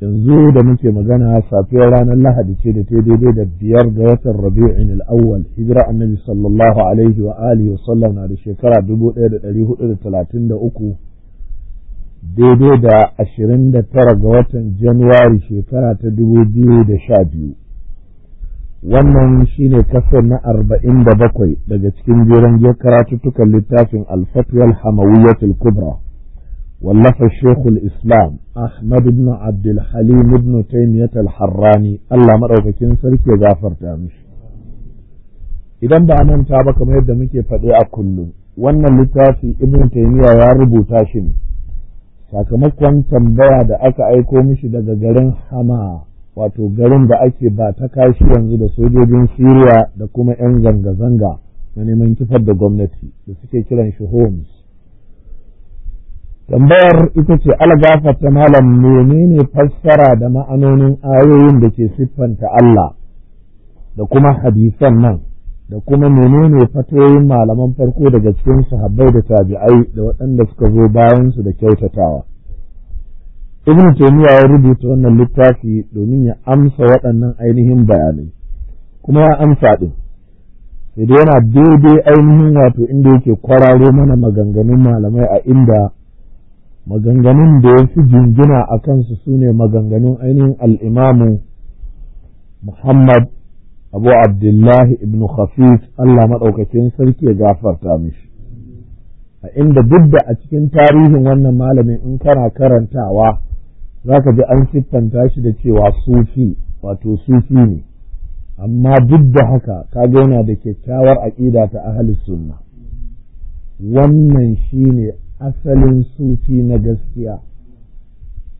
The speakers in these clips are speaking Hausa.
yanzu da muke magana safiyar ranar lahadi ce da ta daidai da biyar ga watan rabi'in al'awwal hijira annabi sallallahu alaihi wa alihi wa sallam na da shekara 1433 daidai da tara ga watan januwari shekara ta biyu wannan shine kasar na arba'in da bakwai daga cikin karatu karatuttukan littafin al-fatwa al-hamawiyyatul kubra واللف الشيخ الإسلام أحمد بن عبد الحليم بن تيمية الحراني الله مرأة كين سرك يغافر تامش ba بأمان تابك muke مكي a kullum wannan littafi ibn taymiya ya rubuta shi ne sakamakon tambaya da aka aiko mishi daga garin hama wato garin da ake ba ta kashi yanzu da sojojin siriya da kuma 'yan zanga-zanga na neman kifar da gwamnati da suke kiran shi homs tambayar ita ce algafa ta malam menene fassara da ma'anonin ayoyin da ke siffanta Allah da kuma hadisan nan da kuma menene fatoyin malaman farko daga cikin sahabbai da tabi'ai da waɗanda suka zo bayan su da kyautatawa ibn taymiya ya rubuta wannan littafi domin ya amsa waɗannan ainihin bayanai kuma ya amsa din sai yana daidai ainihin wato inda yake kwararo mana maganganun malamai a inda maganganun da ya fi jingina a kansu su ne maganganun ainihin al'imamu Muhammad Abu Abdullahi ibn Khafif Allah maɗaukakin sarki ya gafarta mishi. A inda duk da a cikin tarihin wannan malamin in kana karantawa za ka ji an siffanta shi da cewa sufi wato sufi ne, amma duk da haka ka yana da kyakkyawar aƙida ta ahalis sunna. Wannan shi ne asalin sufi na gaskiya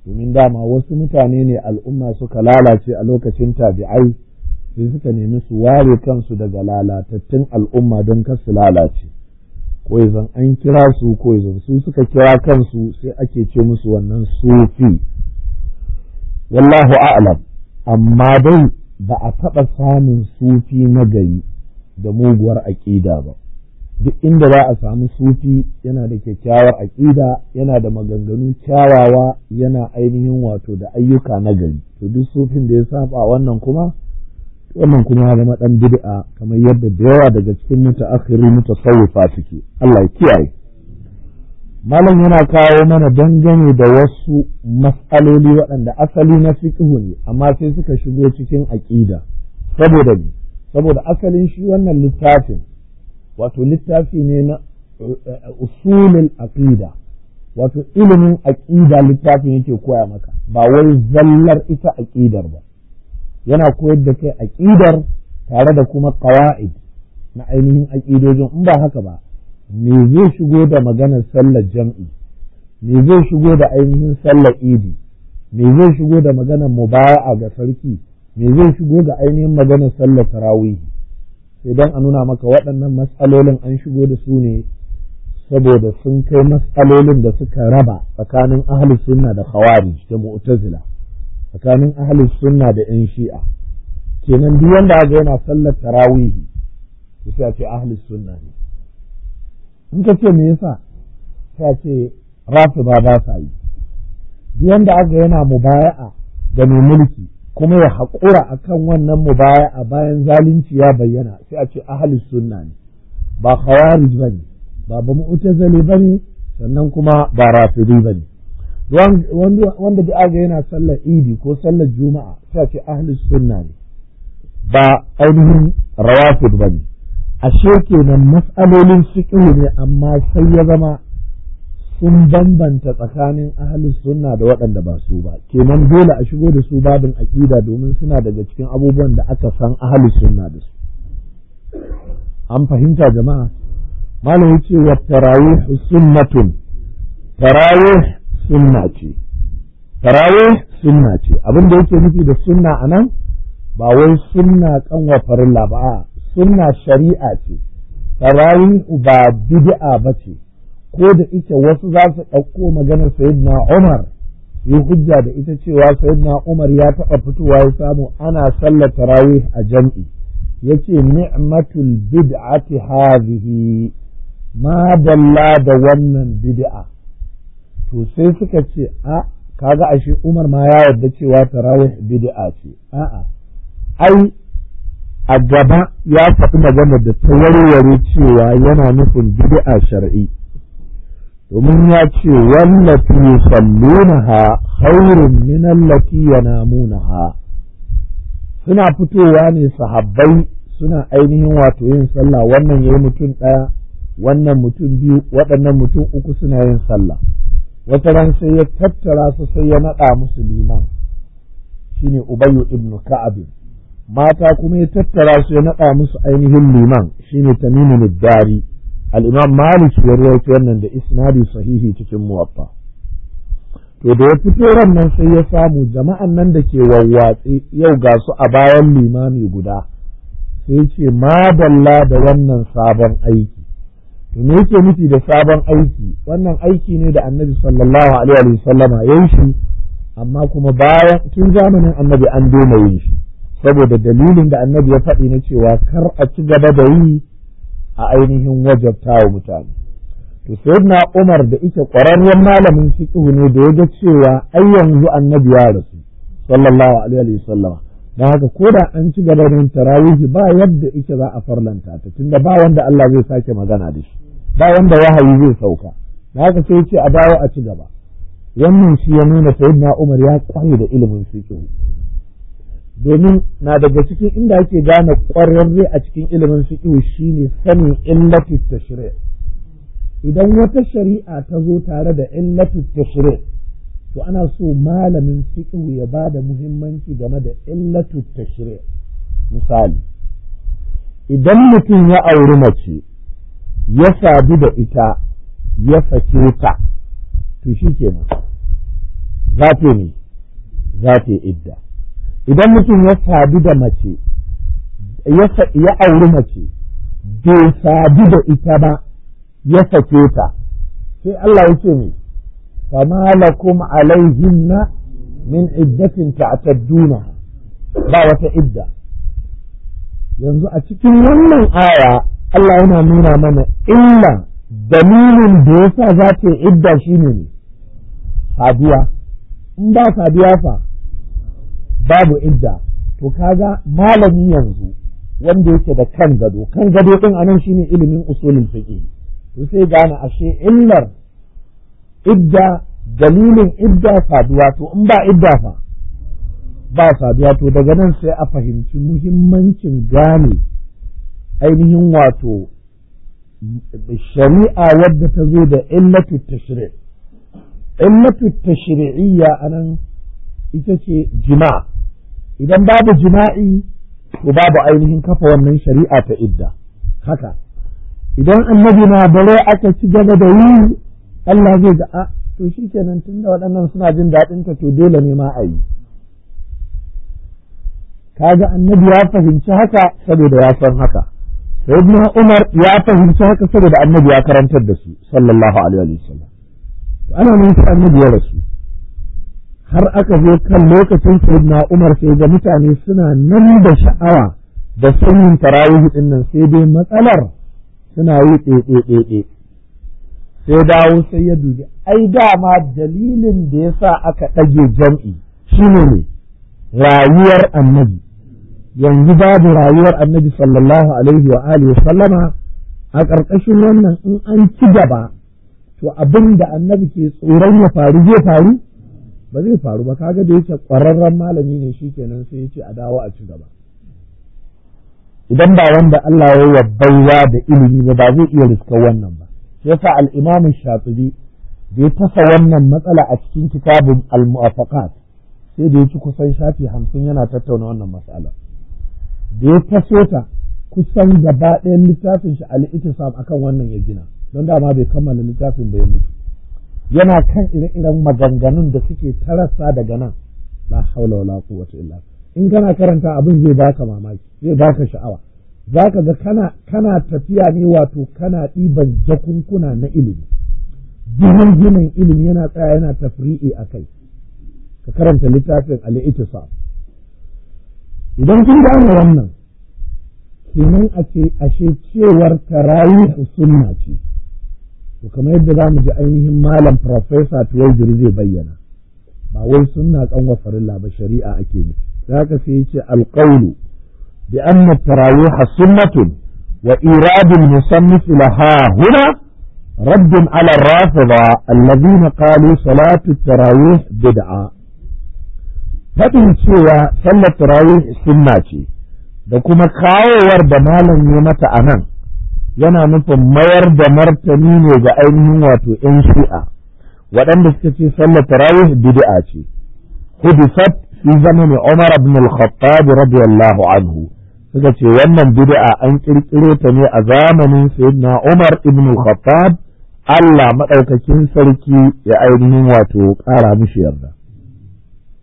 domin dama wasu mutane ne al'umma suka lalace a lokacin tabi'ai sai suka nemi su ware kansu daga lalatattun al'umma don kar su lalace ko yanzu an kira su ko yanzu su suka kira kansu sai ake ce musu wannan sufi wallahu a'lam amma dai ba a taɓa samun sufi na gari da muguwar aƙida ba duk inda za a samu sufi yana da kyakkyawar aƙida yana da maganganu kyawawa yana ainihin wato da ayyuka na gari to duk sufin da ya saba wannan kuma wannan kuma ya zama dan bid'a kamar yadda da yawa daga cikin mutu sawufa suke Allah ya kiyaye malam yana kawo mana dangane da wasu mas'aloli waɗanda asali na fiqhu ne amma sai suka shigo cikin aƙida saboda saboda asalin shi wannan littafin wato littafi ne na eh, usulin aqida wato ilimin aqida littafin yake koya maka ba wai zallar ita aqidar ba yana koyar da kai aqidar tare da kuma qawaid na ainihin aqidojin in ba haka ba me zai shigo da maganar sallar jam'i me zai shigo da ainihin sallar idi me zai shigo da maganar mubaya'a ga sarki me zai shigo da ainihin maganar sallar tarawihi sai don a nuna maka waɗannan matsalolin an shigo da su ne saboda sun kai matsalolin da suka raba tsakanin ahlus sunna da hawari da mu'tazila tsakanin ahlus sunna da yan shi'a kenan duk wanda aka yana sallar tarawihi to sai a ce ahlus sunna ne in ka ce me yasa sai a ce rafida ba sa yi duk wanda aka yana mubaya'a da mai mulki kuma ya haƙura kan wannan mu baya a bayan zalunci ya bayyana sai a ce ahalus sunna ne ba khawarij bane ba ba ba bane sannan kuma ba rafidi bane wanda da aga yana sallar idi ko sallar juma'a sai a ce ahalus sunna ne ba ainihin rawafid bane ashe kenan mas'alolin fiqh ne amma sai ya zama sun bambanta tsakanin ahalin sunna da waɗanda ba su ba kenan dole a shigo da su babin aƙida domin suna daga cikin abubuwan da aka san ahalin sunna da su an fahimta jama'a malam yace wa tarawih sunnatun tarawih sunna ce tarawih sunna ce abin yake nufi da sunna anan ba wai sunna wa farilla ba sunna shari'a ce tarawih ba bid'a ba ce ko da ita wasu za su ɗauko maganar sayyidina Umar yi hujja da ita cewa sayyidina Umar ya taɓa fitowa ya samu ana sallar tarawih a jam'i yace ni'matul bid'ati hazihi ma dalla da wannan bid'a to sai suka ce a kaga ashe Umar ma ya yarda cewa tarawih bid'a ce a'a ai a gaba ya faɗi maganar da ta warware cewa yana nufin bid'a shar'i domin ya ce wallafi wallati yusallunaha ya minallafi allati ha suna fitowa ne sahabbai suna ainihin wato yin sallah wannan ya yi mutum ɗaya wannan mutum biyu waɗannan mutum uku suna yin sallah wata ran sai ya tattara su sai ya naɗa musu liman Shi ne ubayyu ibnu ka'abi mata kuma ya tattara su ya naɗa musu ainihin liman shi ne tamimu dari al-imam malik ya rawaito wannan da isnadi sahihi cikin muwaffa to da ya fito ran nan sai ya samu jama'an nan da ke wawwatsi yau ga su a bayan limami guda sai ce madalla da wannan sabon aiki to me yake nufi da sabon aiki wannan aiki ne da annabi sallallahu alaihi wa sallama shi amma kuma bayan tun zamanin annabi an daina yin shi saboda dalilin da annabi ya faɗi na cewa kar a ci gaba da yi a ainihin wajabta wa mutane to sayyidina Umar da ike ƙwararren malamin fiqh ne da ya ga cewa ai yanzu annabi ya rasu sallallahu alaihi wa sallam. da haka ko da an ci gaba da tarawih ba yadda ike za a farlanta ta tunda ba wanda Allah zai sake magana da shi ba wanda wahayi zai sauka da haka sai ce a dawo a ci gaba Yannin shi ya nuna na Umar ya kware da ilimin fiqh domin na daga cikin inda ake gane ƙwararre a cikin ilimin shi shine sanin ta tashri' idan wata shari'a ta zo tare da ta tashri' to ana so malamin fiqh ya ba da muhimmanci game da ta tashri' misali idan mutum ya auri mace ya sadu da ita ya sake ta to shi ke za za ta yi idda idan mutum ya sadu da mace ya auri mace bai sadu da ita ba ya sake ta sai Allah ya ce ne fama lakum alaihinna min iddatin ta'tadduna ba wata idda yanzu a cikin wannan aya Allah yana nuna mana illa dalilin da yasa za ta idda shine ne saduwa in ba saduwa fa babu idda to kaga malami yanzu wanda yake da kan gado kan gado din anan shine ilimin usulul fiqh to sai gane ashe illar idda dalilin idda saduwa to in ba idda fa ba faduwa to daga nan sai a fahimci muhimmancin gane ainihin wato shari'a wadda ta zo da illatu tashri' illatu tashri'iyya anan ita ce jima'a. idan babu jima'i to babu ainihin kafa wannan shari'a ta idda haka idan annabi na dare aka ci gaba da yi Allah zai ga a ah, to shi kenan tunda waɗannan suna jin daɗin ta to dole ne ma a yi kaga annabi ya fahimci haka saboda ya san haka sayyidina Umar ya fahimci haka saboda annabi ya karantar da su sallallahu alaihi wa sallam ana nan annabi ya rasu har aka zo kan lokacin sayyidina Umar sai ga mutane suna nan da sha'awa da sanyin tarawih din nan sai dai matsalar suna yi tsetse sai dawo sai ya dubi ai dama dalilin da yasa aka ɗage jam'i shine ne rayuwar annabi yanzu babu rayuwar annabi sallallahu alaihi wa alihi sallama a ƙarƙashin wannan in an ci gaba to abin da annabi ke tsoron ya faru zai faru ba zai faru ba kaga da yake ƙwararren malami ne shi kenan sai yace a dawo a ci gaba idan ba wanda Allah ya yi baiwa da ilimi ba ba zai iya riska wannan ba shi yasa al-Imam Shafi'i da ya tasa wannan matsala a cikin kitabun al-Muwafaqat sai da ya ci kusan shafi hamsin yana tattauna wannan matsala da ya taso ta kusan gaba ɗayan littafin shi al-Ittisab akan wannan ya gina don dama bai kammala littafin ba ya mutu yana kan ire-iren maganganun da suke tarasa daga nan la haula wala quwwata illa in kana karanta abin zai baka mamaki zai baka sha'awa zaka ga kana kana tafiya ne wato kana ɗiban jakunkuna na ilimi duhun ginin ilimi yana tsaya yana tafri'i a kai ka karanta littafin al idan kun gane wannan kenan a ce ashe cewar tarayi sunna ce to kamar yadda za mu ji ainihin malam farfesa tuwaijiri zai bayyana ba wai sunna kanwa farilla ba shari'a ake nufi za ka sai ce alƙaulu bi anna tarawiha sunnatun wa iradul musannif laha huna رد ala الرافضة الذين قالوا salatu التراويح بدعة faɗin cewa sallar tarawih sunna ce da kuma kawowar da malam ya mata a nan yana nufin mayar da martani ne ga ainihin wato ‘yan shi'a waɗanda suka ce sallar tarawih bid'a ce hudisat fi zamani Umar ibn al-Khattab radiyallahu anhu suka ce wannan bid'a an kirkiro ta ne a zamanin sayyidina Umar ibn al-Khattab Allah maɗaukakin sarki ya ainihin wato ƙara mishi yarda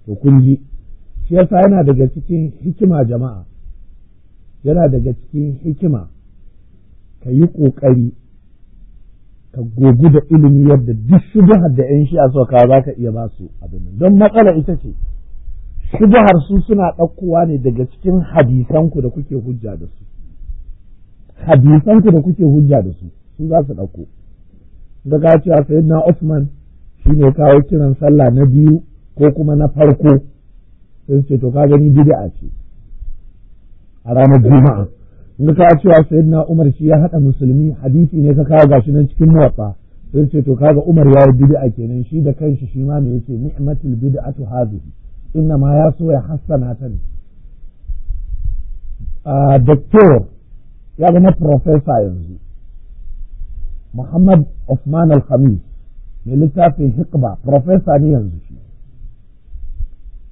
to kun ji shi yasa yana daga cikin hikima jama'a yana daga cikin hikima ka yi ƙoƙari ka gogu da ilimi yadda duk shubuhar da 'yan shi'a a kawo za ka iya ba su abin don matsala ita ce shubuhar su suna ɗaukowa ne daga cikin hadisanku da kuke hujja da su hadisanku da kuke hujja da su su za su ɗauko ga ka cewa Osman Usman shine kawo kiran sallah na biyu ko kuma na farko sai su ce to ka gani bid'a ce a ranar juma'a ka cewa sayyidina Umar shi ya haɗa musulmi hadisi ne ka kawo gashi nan cikin muwatsa sai ce to kaga Umar ya yi bid'a kenan shi da kanshi shi ma me yake ni'matul bid'atu hadhihi inna ma ya so ya hassana ta ne a doctor ya zama professor yanzu Muhammad Osman Al-Khamis mai littafin hikba professor ne yanzu shi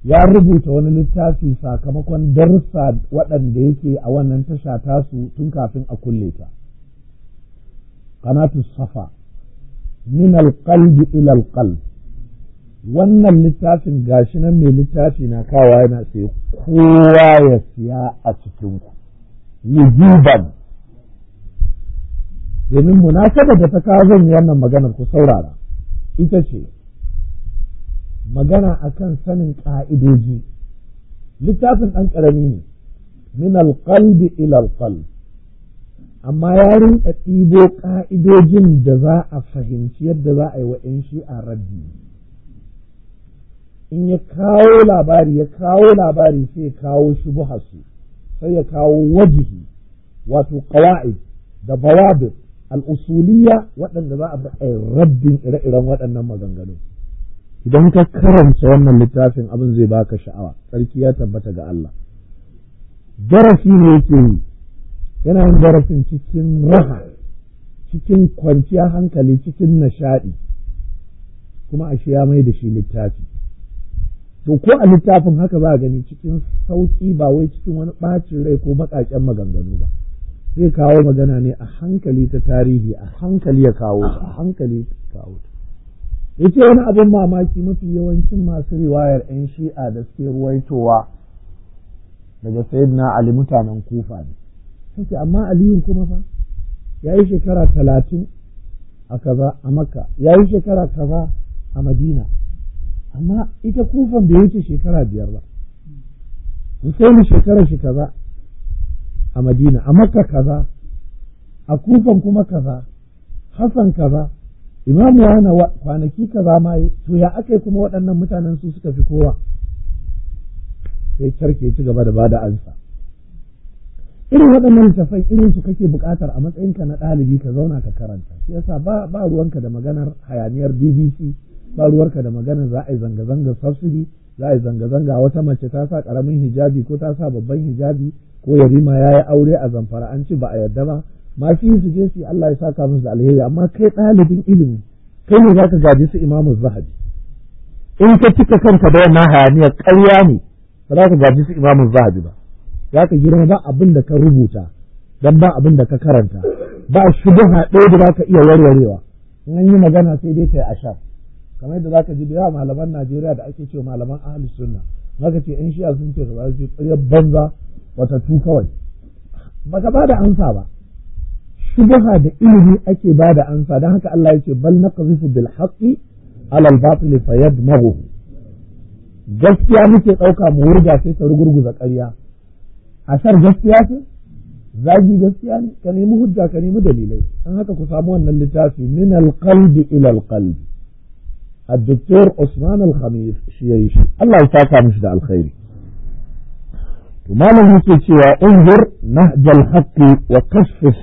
ya rubuta wani littafi sakamakon darussa waɗanda yake a wannan tasha tasu tun kafin a kulle ta Kanatu safa min alqalbi ila alƙal. wannan littafin gashi nan mai littafi na kawa yana sai kowa ya siya a cikin ku wujuban domin munasabar da ta kawo zan yi wannan maganar ku saurara ita ce magana akan sanin ƙa'idoji littafin ɗan ƙarami ne min alƙalbi ilalƙal, amma ya rinka ɗibo ƙa'idojin da za a fahimci yadda za a yi wa ‘yan shi'a rabbi in ya kawo labari ya kawo labari sai ya kawo shi buhasu, sai ya kawo wajihi wato ƙawa'id da bawabir al'usuliya waɗanda za a bi a rabbin ire-iren waɗannan maganganu idan ka karanta wannan littafin abin zai baka sha'awa sarki ya tabbata ga Allah darasi ne yake yi yana yin darasin cikin raha cikin kwanciya hankali cikin nishaɗi kuma ashe ya mai da shi littafi to ko a littafin haka za a gani cikin sauƙi ba wai cikin wani ɓacin rai ko baƙaƙen maganganu ba zai kawo magana ne a hankali ta tarihi a hankali ya kawo a hankali kawo ta yace wani abin mamaki mafi yawancin masu riwayar 'yan shi'a da suke ruwaitowa daga sayyidina ali mutanen kufa ne Sake amma aliyun kuma fa ya yi shekara talatin a kaza a maka, ya yi shekara kaza a madina amma ita kufan bai wuce shekara biyar ba mu shekara shi kaza a madina a maka kaza a kufan kuma kaza hassan kaza imamu na kwanaki ka za ma to ya aka kuma waɗannan mutanen su suka fi kowa sai kyarke ci gaba da ba da ansa irin waɗannan littafai irin su kake buƙatar a matsayinka na ɗalibi ka zauna ka karanta shi yasa ba ba ruwanka da maganar hayaniyar BBC ba ruwarka da maganar za a yi zanga-zanga subsidy za a yi zanga-zanga wata mace ta sa ƙaramin hijabi ko ta sa babban hijabi ko yarima ya yi aure a zamfara an ci ba a yarda ba masu yi su je su Allah ya saka musu alheri amma kai ɗalibin ilimi kai ne zaka gaji su imamu zahabi in ka cika kanka da wannan hayaniyar ƙarya ne ba za ka gaji su imamu zahabi ba za ka girma ba abin da ka rubuta dan ba abin da ka karanta ba shubuha haɗe da za ka iya warwarewa in an yi magana sai dai ka yi asha kamar yadda za ka ji da yawa malaman Najeriya da ake ce malaman ahalus sunna zaka ce in shiya sun ce ba su ƙaryar banza wata tu kawai ba ka ba da ansa ba shubha da ilimi ake ba da ansa don haka Allah yake bal naqzifu bil haqqi ala al batil fayadmaghu gaskiya muke ɗauka mu wurga sai ta rugurguza ƙarya asar gaskiya ce zagi gaskiya ne ka nemi hujja ka nemi dalilai an haka ku samu wannan littafi min alqalbi ila alqalbi الدكتور عثمان الخميس شيعيش الله يساك مش ده الخير to malam yake cewa inzur nahjal haqqi wa kasfi as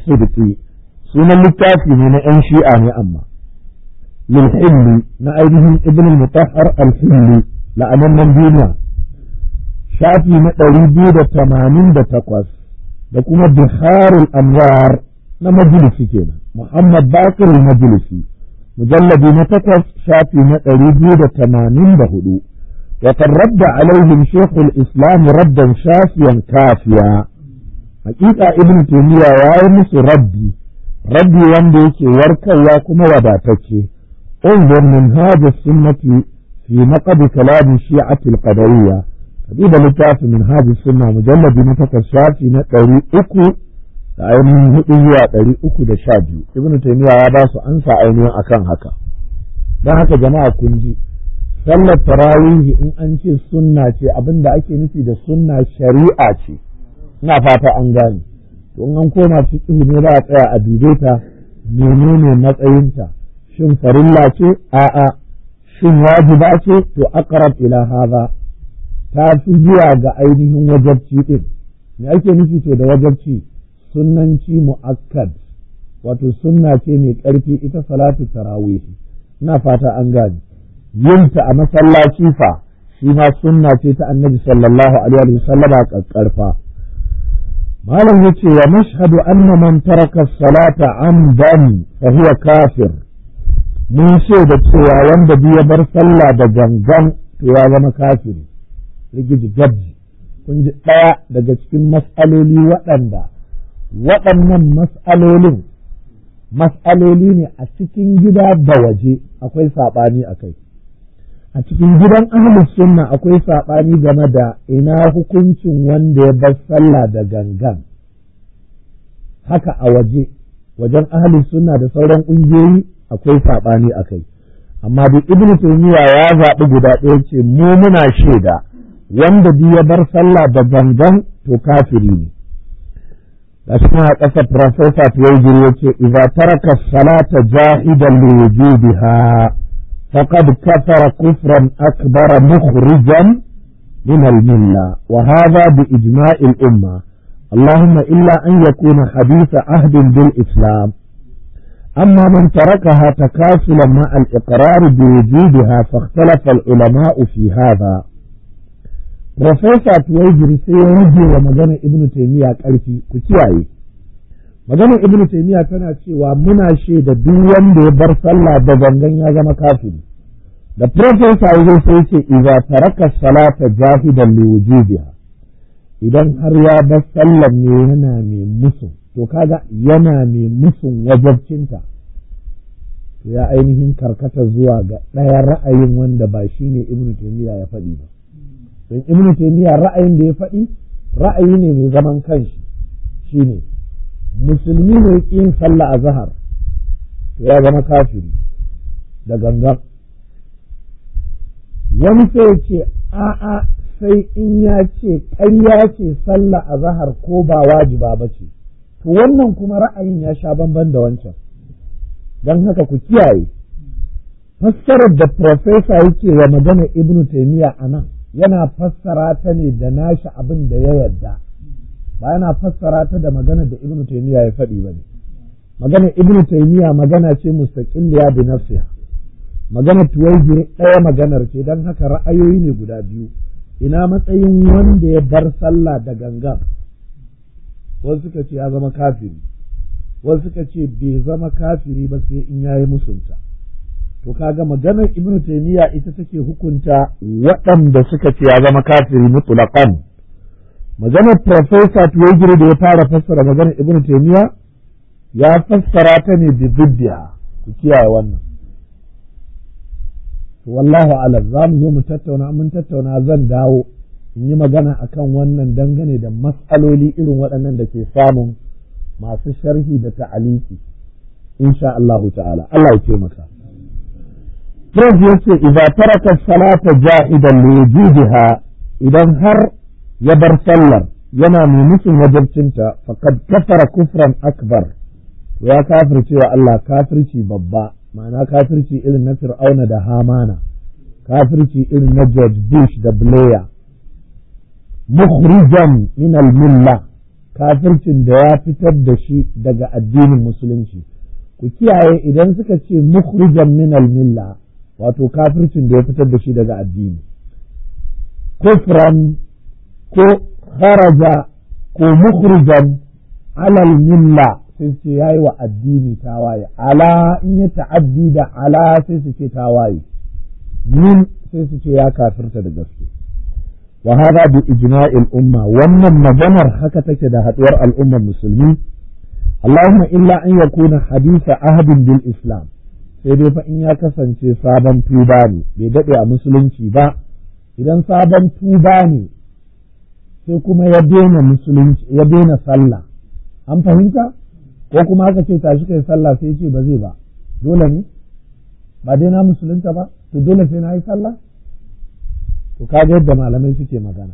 sunan littafi ne na yan shi'a ne amma lil hilli na ainihin ibn al-mutahhar al-hilli duniya shafi na ɗari biyu da tamanin da takwas da kuma biharul anwar na majalisi kenan muhammad bakir majalisi mujalladi na takwas shafi na ɗari biyu da tamanin da hudu وقد رد عليهم شيخ الإسلام ردا شافيا كافيا حقيقة ابن تيمية وارمس ربي ربي وانديك ورك الله وداتك انظر من هذا السنة في نقد كلام الشيعة القدرية حقيقة لتعرف من هذا السنة مجلد نفق الشافي نتري اكو تعلمين هدوية تري اكو دشابي ابن تيمية وارمس انسى عيني اكان هكا ده هكا جماعة كنجي sallar tarawihi in an ce sunna ce abin da ake nufi da sunna shari'a ce ina fata an gane to in an koma cikin ne za a tsaya a dube ta menene matsayinta shin farilla ce a'a shin wajiba ce to aqrab ila hadha ta fi zuwa ga ainihin wajabci din me ake nufi to da wajabci sunnanci mu'akkad wato sunna ce mai ƙarfi ita salatu tarawih ina fata an gane yinta a masallaci fa shi ma sunna ce ta annabi sallallahu alaihi wa kakkarfa malam yace wa mashhadu anna man taraka salata amdan fa huwa kafir mun da cewa wanda bi ya bar sallah da gangan to ya zama kafiri rigiji gabji kun ji ɗaya daga cikin mas'aloli waɗanda waɗannan mas'alolin mas'aloli ne a cikin gida da waje akwai saɓani a kai a cikin gidan ahlus sunna akwai saɓani game da ina hukuncin wanda ya bar sallah da gangan haka a waje wajen ahlus sunna da sauran ƙungiyoyi akwai saɓani a kai amma duk ibnu taymiya ya zaɓi guda ɗaya ce mu muna shaida wanda duk ya bar sallah da gangan to kafiri ne gashi a ƙasa professor Tuwaijiri ya ce ina taraka salata jahidan li ha? فقد كفر كفرا أكبر مخرجا من الملة وهذا بإجماع الأمة اللهم إلا أن يكون حديث عهد بالإسلام أما من تركها تكاسلا مع الإقرار بوجودها فاختلف العلماء في هذا Profesa Tuwai Jirse ya ابن تيمية magana Ibn maganar ibnu taymiya tana cewa muna shaida duk wanda ya bar sallah da gangan ya zama kafin da profesa ya sai ce idza taraka salata jahidan li wujubiha idan har ya bar sallar ne yana mai musu to kaga yana mai musun wajabcinta ya ainihin karkata zuwa ga ɗaya ra'ayin wanda ba shi ne ibnu taymiya ya faɗi ba don ibnu taymiya ra'ayin da ya faɗi ra'ayi ne mai zaman kanshi shine musulmi ne yin sallah a zahar to ya zama kafiri da gangan wani sai ce a'a sai in ya ce ƙarya ce sallah a zahar ko ba wajiba ba ce to wannan kuma ra'ayin ya sha bamban da wancan don haka ku kiyaye fassarar da profesa yake wa magana ibnu taimiyya a nan yana fassara ta ne da nashi abin da ya yarda ba yana fassara ta da magana da ibnu taymiya ya faɗi ba ne magana ibnu taymiya magana ce mustaqilliya bi nafsiha magana tuwaijiri ɗaya maganar ce dan haka ra'ayoyi ne guda biyu ina matsayin wanda ya bar sallah da gangan wasu suka ce ya zama kafiri wasu suka ce bai zama kafiri ba sai in yayi musunta to kaga maganar ibnu taymiya ita take hukunta waɗanda suka ce ya zama kafiri mutlaqan maganar profesa tuwaijiri da ya fara fassara maganar ibn taymiya ya fassara ta ne bibidiya ku kiyaye wannan wallahu alam za mu zo mu tattauna mun tattauna zan dawo in yi magana akan wannan dangane da matsaloli irin waɗannan da ke samun masu sharhi da ta'aliki insha Allahu ta'ala Allah ya ce maka Prof ya ce tara taraka salata ja'idan li wujudiha idan har ya bar sallar yana mai musun wajibcinta faqad kafara kufran akbar ya kafirce wa Allah kafirci babba ma'ana kafirci irin na fir'auna da hamana kafirci irin na George Bush da Blair mukhrijan min al-milla kafircin da ya fitar da shi daga addinin musulunci ku kiyaye idan suka ce mukhrijan min al-milla wato kafircin da ya fitar da shi daga addini kufran ko kharaja ko mukhrijan ala al-milla sai ce yayi wa addini tawaye ala in ya ta'addi da ala sai su ce tawaye min sai su ce ya kafirta da gaske wa hada bi ijma'il umma wannan maganar haka take da haduwar al'ummar musulmi Allahumma illa an yakuna hadisa ahadin bil islam sai dai fa in ya kasance sabon tuba ne bai daɗe a musulunci ba idan sabon tuba ne sai kuma ya daina musulunci ya daina sallah an fahimta ko kuma aka ce tashi kai sallah sai ce ba zai ba dole ne ba daina musulunta ba to dole sai na yi sallah to kaga yadda malamai suke magana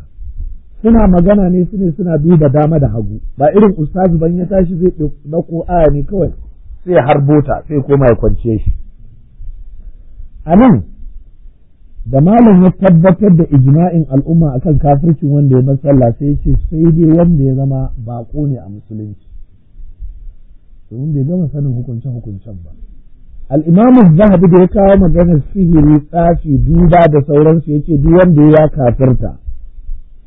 suna magana ne su ne suna duba dama da hagu ba irin ustazu ban ya tashi zai dauko aya ne kawai sai harbota sai koma ya kwance shi anan da malam ya tabbatar da ijma'in al'umma akan kafircin wanda ya bar sallah sai ya ce sai dai wanda ya zama bako ne a musulunci domin bai gama sanin hukuncen hukuncen ba al'imamu zahabi da ya kawo maganar sihiri tsafi duba da sauransu ya ce duk wanda ya kafirta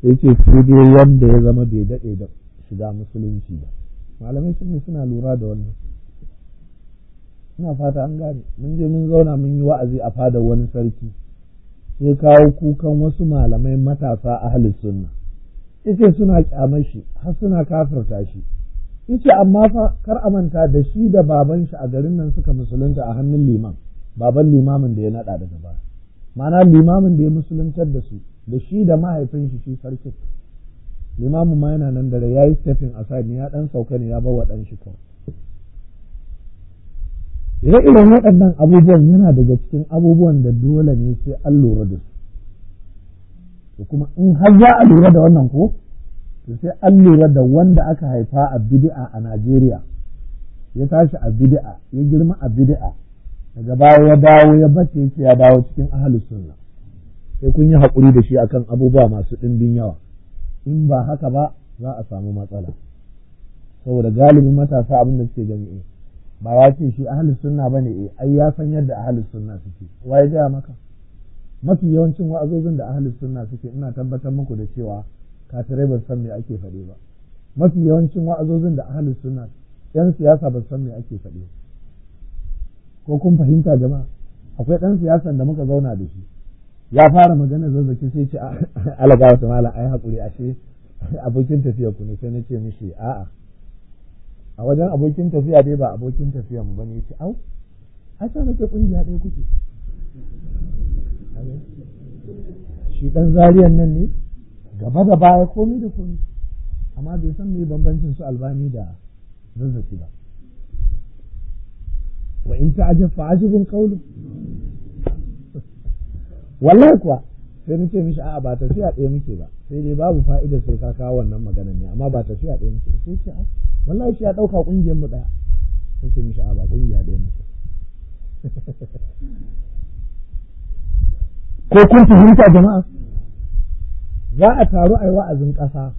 sai ce sai dai wanda ya zama bai daɗe da shiga musulunci ba malamai sun suna lura da wannan ina fata an gane mun je mun zauna mun yi wa'azi a fadar wani sarki ya kawo kukan wasu malamai matasa a halin sunna yace suna kyamar shi har suna kafirta shi yace amma fa kar a manta da shi da baban shi a garin nan suka musulunta a hannun liman baban limamin da ya naɗa daga baya ma'ana limamin da ya musuluntar da su da shi da mahaifin shi shi sarki limamin ma yana nan dare ya yi aside ne ya ɗan sauka ne ya bar wa dan shi kawai ire waɗannan abubuwan yana daga cikin abubuwan da dole ne sai an lura da su kuma in har za a lura da wannan ko to sai an lura da wanda aka haifa a bid'a a Najeriya ya tashi a bid'a ya girma a bid'a daga baya ya dawo ya bace yake ya dawo cikin ahlus sunna sai kun yi haƙuri da shi akan abubuwa masu ɗimbin yawa in ba haka ba za a samu matsala saboda galibin matasa abin da suke gani eh, ba ya ce shi ahalus sunna ba ne eh, ai ya san yadda ahalus sunna suke wa ya gaya maka mafi yawancin wa'azozin da ahalus sunna suke ina tabbatar muku da cewa kafirai ba san me ake faɗi ba mafi yawancin wa'azozin da ahalus sunna yan siyasa ba san me ake faɗi ko kun fahimta jama'a akwai ɗan siyasan da muka zauna da shi ya fara magana zazzaki sai ce ah, alaga wasu mala ai haƙuri ashe abokin tafiyar ku ne sai na ce mishi a'a a wajen abokin tafiya dai ba abokin tafiya mu bane ce au asa nake kungiya ɗaya kuke shi dan zariyan nan ne gaba da baya komai da komai amma bai san me bambancin su albani da zazzaki ba wa in ajab fa ajabun qawlu wallahi kuwa sai nace mishi a'a ba tafiya ɗaya muke ba sai dai babu fa'ida sai ka kawo wannan maganar ne amma ba tafiya ɗaya muke ba sai ce a'a wallahi shi ya ɗauka ƙungiyar mu ɗaya sun ce mishi a ba ƙungiya ɗaya muke ko kun fahimta jama'a za a taru a yi wa'azin ƙasa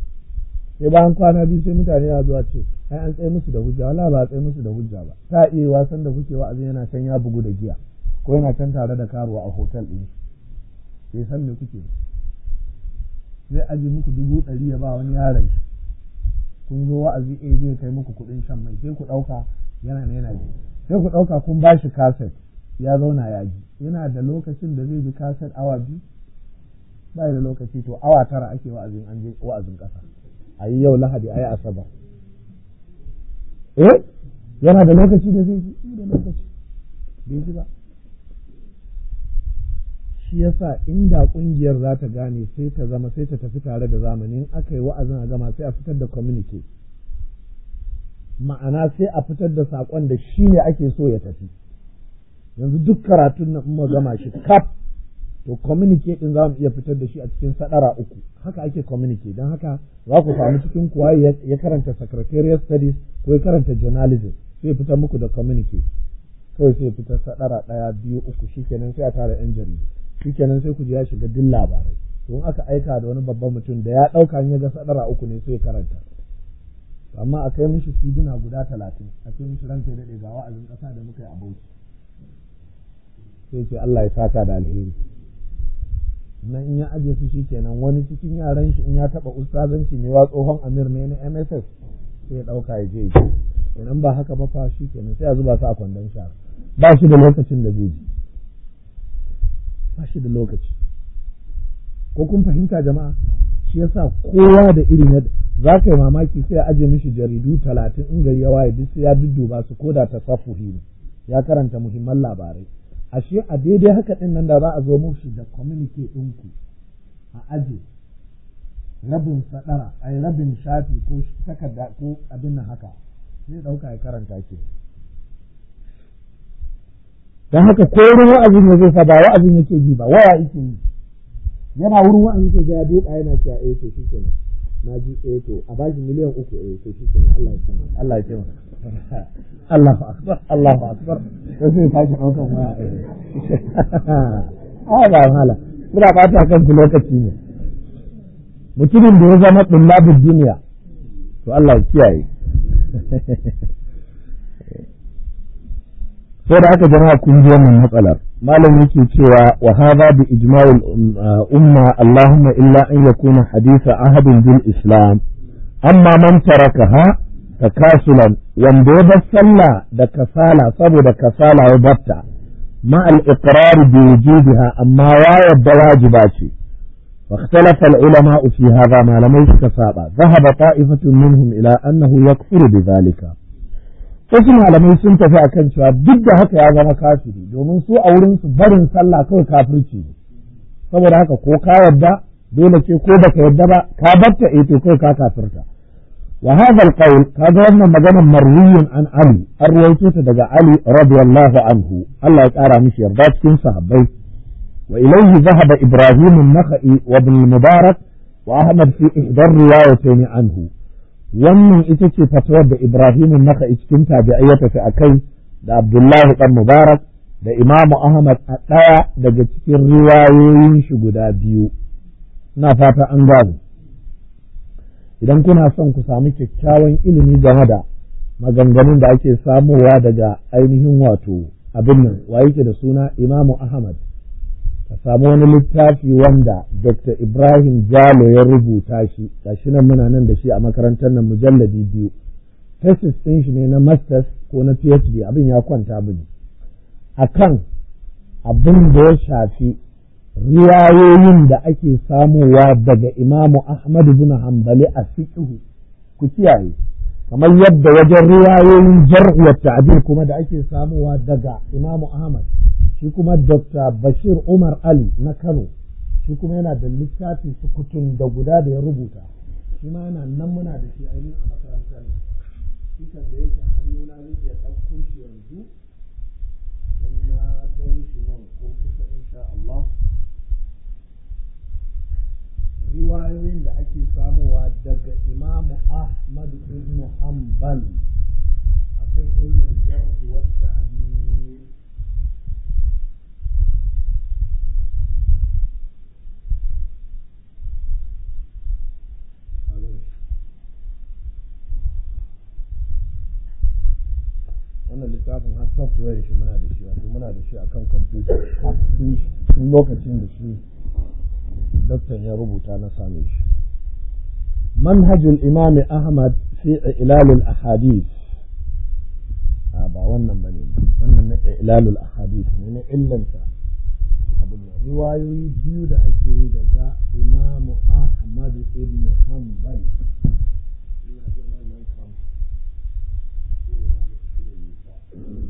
sai bayan kwana biyu sai mutane ya zuwa ce ai an tsaye musu da hujja wala ba a tsaye musu da hujja ba ta iya wasan da kuke wa'azin yana can ya bugu da giya ko yana can tare da karuwa a hotel ɗin sai san me kuke sai aji muku dubu ɗari ya ba wani yaron shi kun zo wa'azi a eh, zai kai muku kuɗin shan mai sai ku ɗauka yana na yana ji sai ku ɗauka kun ba shi kaset ya zauna ya ji yana da lokacin da zai ji kaset awa biyu ba da lokaci to awa tara ake wa'azin an je wa'azin ƙasa a yi yau lahadi a yi asabar eh yana da lokaci da zai ji da lokaci bai ji ba shi yasa inda ƙungiyar za ta gane sai ta zama sai ta tafi tare da zamanin aka yi wa'azin a gama sai a fitar da communique ma'ana sai a fitar da saƙon da shi ne ake so ya tafi yanzu duk karatun na mu gama shi kaf to communique din za mu iya fitar da shi a cikin sadara uku haka ake communique don haka za ku samu cikin kuwa ya karanta secretarial studies ko ya karanta journalism sai fitar muku da communique kawai sai fitar sadara ɗaya biyu uku shi shikenan sai a tara yan jaridu shikenan sai ku je ya shiga duk labarai don aka aika da wani babban mutum da ya ɗauka ya ga sadara uku ne sai karanta amma a kai mishi sidina guda talatin a kai mishi ranta ya daɗe ga wa'azin ƙasa da muka yi a bauchi sai ce Allah ya saka da alheri nan in ya aje su shi kenan wani cikin yaran shi in ya taɓa ustazanci ne wa tsohon amir ne na mss sai ya ɗauka ya je idan ba haka ba fa shikenan sai a zuba su a kwandon shara ba shi da lokacin da zai ji ba shi da lokaci ko kun fahimta jama'a shi yasa kowa da irin yadda za ka yi mamaki sai a aje mishi jaridu talatin in gari ya waye duk sai ya dudduba su ko da tasaffuhi ne ya karanta muhimman labarai ashe a daidai haka din nan da za a zo mushi da communique ɗinku a aje rabin sadara ai rabin shafi ko takarda ko abin nan haka zai ɗauka ya karanta ke don haka ko wurin wa'azin ya zai sa ba wa'azin yake ji ba waya yake yi yana wurin wa'azin ji a duka yana cewa eh to shi kenan na ji eh to a bashi miliyan uku eh to shi kenan Allah ya taimaka Allah ya taimaka allah akbar Allahu akbar to sai sake daukan waya a ba mala ba ta kan su lokaci ne mutumin da ya zama dullabin duniya to Allah ya kiyaye sai da aka jama'a kun ji wannan matsalar malam yake cewa wa hada bi ijma'il umma allahumma illa an yakuna haditha ahadin bil islam amma man tarakaha takasulan wanda ya bar sallah da kasala saboda kasala ya batta ma al iqrar bi wujudiha amma ya yadda wajiba ce واختلف العلماء في هذا ما لم يتسابع ذهب طائفة منهم إلى أنه يكفر بذلك wasu malamai sun tafi a kan cewa duk da haka ya zama kafiri domin su a wurin su barin sallah kawai kafirci ne saboda haka ko ka yarda dole ce ko baka yarda ba ka batta eh to kai ka kafirta wa hadha alqawl kaga wannan maganar marwiyun an ali an rawaito ta daga ali radiyallahu anhu Allah ya kara mishi yarda cikin sahabbai wa ilayhi dhahaba ibrahim an-nakhai wa ibn mubarak wa ahmad fi ihdar riwayatayn anhu wannan ita ce fatuwar da Ibrahim naka cikin tabi'ai ya tafi a kai da Abdullahi dan Mubarak da Imamu Ahmad a ɗaya daga cikin riwayoyin shi guda biyu ina fata an gane idan kuna son ku sami kyakkyawan ilimi game da maganganun da ake samowa daga ainihin wato abin nan wa yake da suna Imamu Ahmad ka samu wani littafi wanda Dr. Ibrahim Jalo ya rubuta shi gashi nan muna nan da shi a makarantar nan mujalladi biyu thesis ɗin shi ne na masters ko na PhD abin ya kwanta mini kan abin da ya shafi riwayoyin da ake samuwa daga Imamu Ahmad bin Hanbali a fiƙihu ku kiyaye kamar yadda wajen riwayoyin jar'uwar ta'adil kuma da ake samowa daga Imamu Ahmad shi kuma Dr. Bashir Umar Ali na Kano shi kuma yana da littafi sukutun da guda da ya rubuta shi ma yana nan muna da shi ainihin a makarantar shi kan da yake hannuna zai iya ɗauko shi yanzu in na gani shi nan ko kusa insha Allah riwayoyin da ake samowa daga Imam Ahmad muhammad a akan ilmin jarh wa software shi muna da shi wato muna da shi akan computer tun lokacin da shi daktan ya rubuta na same shi manhajul imam ahmad fi ilalul ahadith a ba wannan ba ne wannan na ilalul ahadith ne na illanta abin riwayoyi biyu da ake yi daga imam ahmad ibn hanbal Thank you.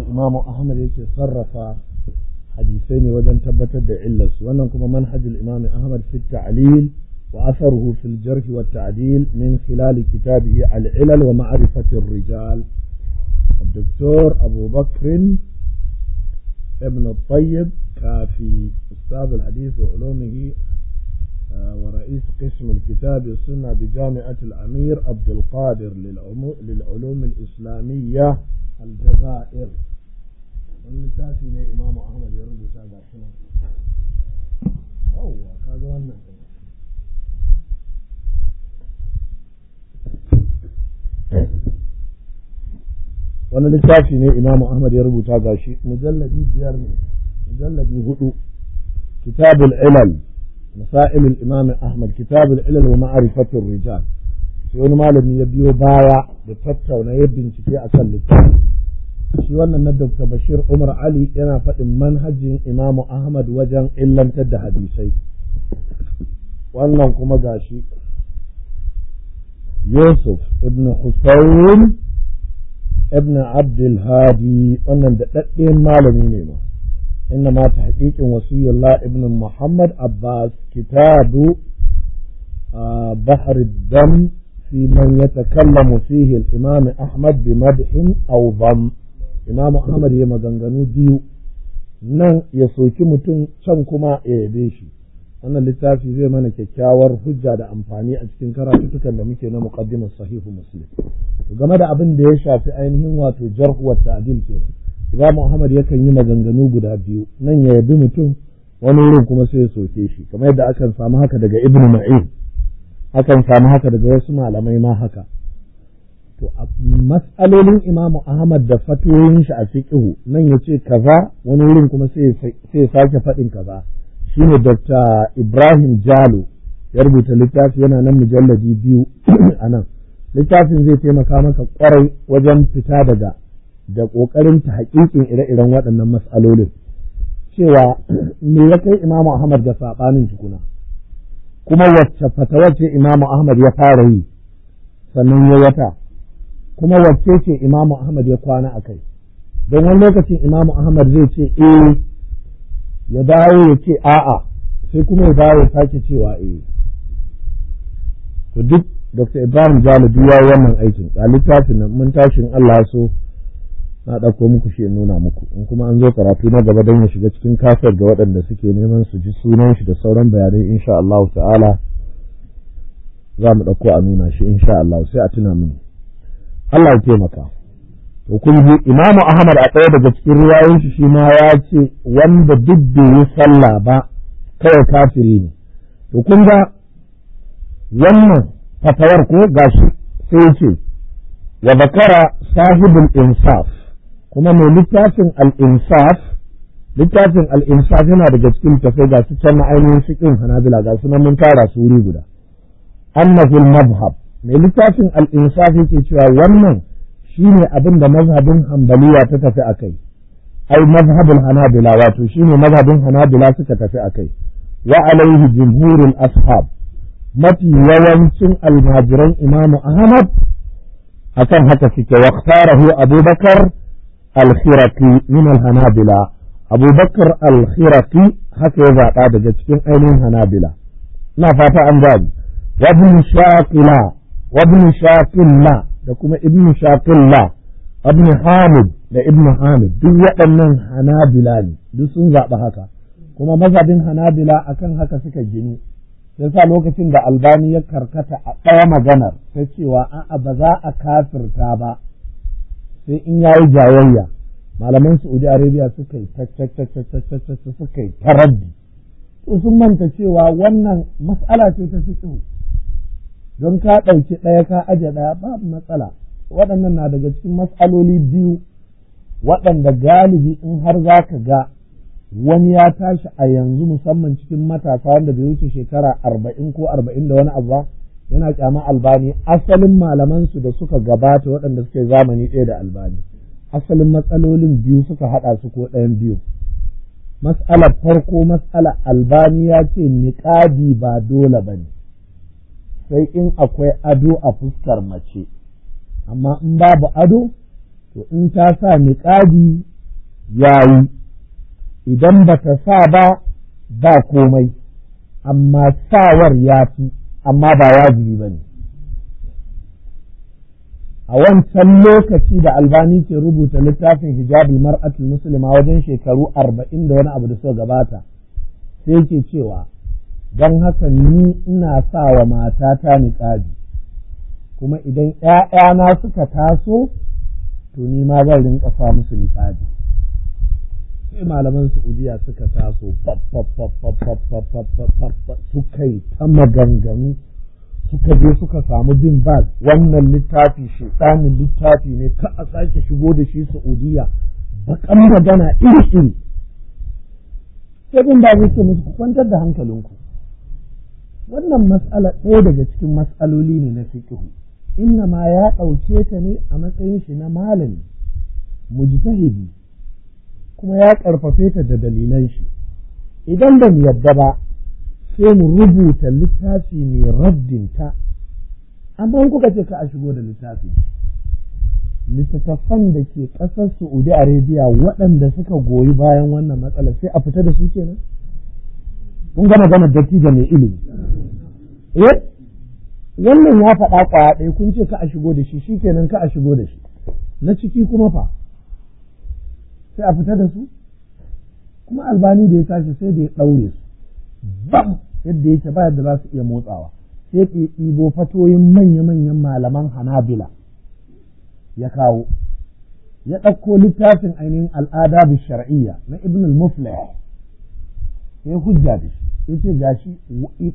haka imamu ahmad yake sarrafa hadisai ne wajen tabbatar da illarsu wannan kuma manhajul imamu ahmad fi ta'lil wa atharuhu fil jarh wa ta'dil min khilal kitabihi al ilal wa ma'rifati ar rijal الدكتور أبو بكر ابن الطيب كافي أستاذ الحديث وعلومه ورئيس قسم الكتاب والسنة بجامعة الأمير عبد القادر للعلوم الإسلامية الجزائر wani littafi ne imamu ahmad ya rubuta ga shi nan yawwa kaga wannan wani littafi ne imamu ahmad ya rubuta ga shi mujalladi biyar ne mujalladi hudu kitabul ilal مسائل الإمام أحمد كتاب العلل ومعرفة الرجال sai wani malami ya biyo baya da tattauna ya bincike a kan littafi shi wannan na Dr. Bashir Umar Ali yana faɗin manhajin Imamu Ahmad wajen illantar da hadisai wannan kuma gashi Yusuf ibn Husayn ibn Abdul wannan da daɗaɗɗen malami ne ma inna ma tahqiqin wasiyullah ibn Muhammad Abbas kitabu ah, Bahr dam في من يتكلم فيه الإمام أحمد بمدح أو ضم إمام أحمد يما زنغنو biyu nan ya soki mutum can kuma ya yabe shi wannan littafi zai mana kyakkyawar hujja da amfani a cikin karatutukan da muke na muqaddimar sahihu muslim game da abin da ya shafi ainihin wato jarh wa ta'dil kenan imam muhammad yakan yi maganganu guda biyu nan ya yabi mutum wani wurin kuma sai ya soke shi kamar yadda akan samu haka daga ibnu ma'in akan samu haka daga wasu malamai ma haka to mas'alolin imamu ahmad da fatoyin shi a siƙihu nan ya ce kaza wani wurin kuma sai ya sake faɗin kaza shine dr ibrahim jalo ya rubuta littafi yana nan mujalladi biyu a nan littafin zai taimaka maka kwarai wajen fita daga da ƙoƙarin ta haƙiƙin ire-iren waɗannan mas'alolin cewa me ya kai imamu ahmad da saɓanin tukuna kuma wacce fatawar ce Imam Ahmad ya fara yi sannan ya wata kuma wacce ce imamu Ahmad ya kwana a kai don wani lokacin imamu Ahmad zai ce eh ya dawo ya ce a'a sai kuma ya dawo ya sake cewa eh to duk Dr. Ibrahim Jalibu ya yi wannan aikin a littafin nan mun tashin Allah so na ɗauko muku shi in nuna muku in kuma an zo karatu na gaba don ya shiga cikin kasar ga waɗanda suke neman su ji sunan shi da sauran bayanai insha Allah ta'ala za mu ɗauko a nuna shi insha Allah sai a tuna mini Allah ya taimaka to kun ji Imam Ahmad a tsaye daga cikin riwayoyin shi shi ma ya ce wanda duk da yi sallah ba kawai kafiri ne to kun ga wannan fatawar ko gashi sai ce wa bakara sahibul insaf kuma mai littafin al'insa littafin al-insaf yana daga cikin tafai ga su can ainihin fiqhin hanabila ga su nan mun tara su wuri guda annahu mazhab mai littafin al-insaf yake cewa wannan shine abin da mazhabin hambaliya ta tafi akai ai mazhabin hanabila wato shine mazhabin hanabila suka tafi akai wa alaihi jumhurul ashab mafi yawancin almajiran imamu ahmad akan haka suke waqtarahu abubakar al-khirafi min al-hanabila abubakar al haka ya zaɓa daga cikin ainihin hanabila ina fata an gani wabin shaqila wabin shaqilla da kuma ibn shaqilla ibn hamid da ibn hamid duk waɗannan hanabila ne duk sun zaɓi haka kuma mazabin hanabila akan haka suka Sai yasa lokacin da albani ya karkata a ɗaya maganar ta cewa a'a ba za a kafirta ba sai in ya yi jayayya malaman saudi arabia suka yi suka yi manta cewa wannan matsala ce ta ka ɗauki ɗaya ka ɗaya babu matsala waɗannan na daga cikin matsaloli biyu waɗanda galibi in har za ga wani ya tashi a yanzu musamman cikin matasa wanda bai wuce shekara arba'in ko arba'in da wani abu yana kyama albani asalin malaman su da suka gabata waɗanda suke zamani ɗaya da albani asalin matsalolin biyu suka haɗa su ko ɗayan biyu mas'alar farko mas'alar albani ya ce niƙadi ba dole ba ne sai in akwai ado a fuskar mace amma in babu ado to in ta sa niƙadi yi idan ba ta sa ba ba komai amma sawar ya fi amma ba wajibi ba ne a wancan lokaci da albani ke rubuta littafin hijabul mar'atul muslima wajen shekaru arba'in da wani abu da suka gabata sai ke cewa don haka ni ina sa wa matata niƙadi kuma idan ‘ya'yana suka taso to ni ma zan rinƙa sa musu niƙadi. sai malaman saudiya suka taso suka yi ta maganganu suka je suka samu jin bas wannan littafi shedanin littafi ne ta a sake shigo da shi saudiya baƙan magana iri iri sai bin baz ce musu ku kwantar da hankalinku wannan matsala ɗaya daga cikin matsaloli ne na fiqhu inna ma ya ɗauke ta ne a matsayin shi na malami mujtahidi kuma ya ƙarfafe ta da dalilan shi idan ba mu yadda ba sai mu rubuta littafi mai raddinta amma in kuka ce ka a shigo da littafi littattafan da ke ƙasar saudi arabia waɗanda suka goyi bayan wannan matsala sai a fita da su ke nan? kun gama gama da mai ilimi eh wannan ya faɗa ƙwaya ɗaya kun ce ka a shigo da shi shi kenan ka a shigo da shi na ciki kuma fa sai a fita da su kuma albani da ya tashi sai da ya ɗaure su bam yadda yake ba yadda za su iya motsawa sai ke ɗibo fatoyin manya-manyan malaman hanabila ya kawo ya ɗauko littafin ainihin al'ada bi shar'iyya na ibn al-muflih sai hujja da shi ya ce gashi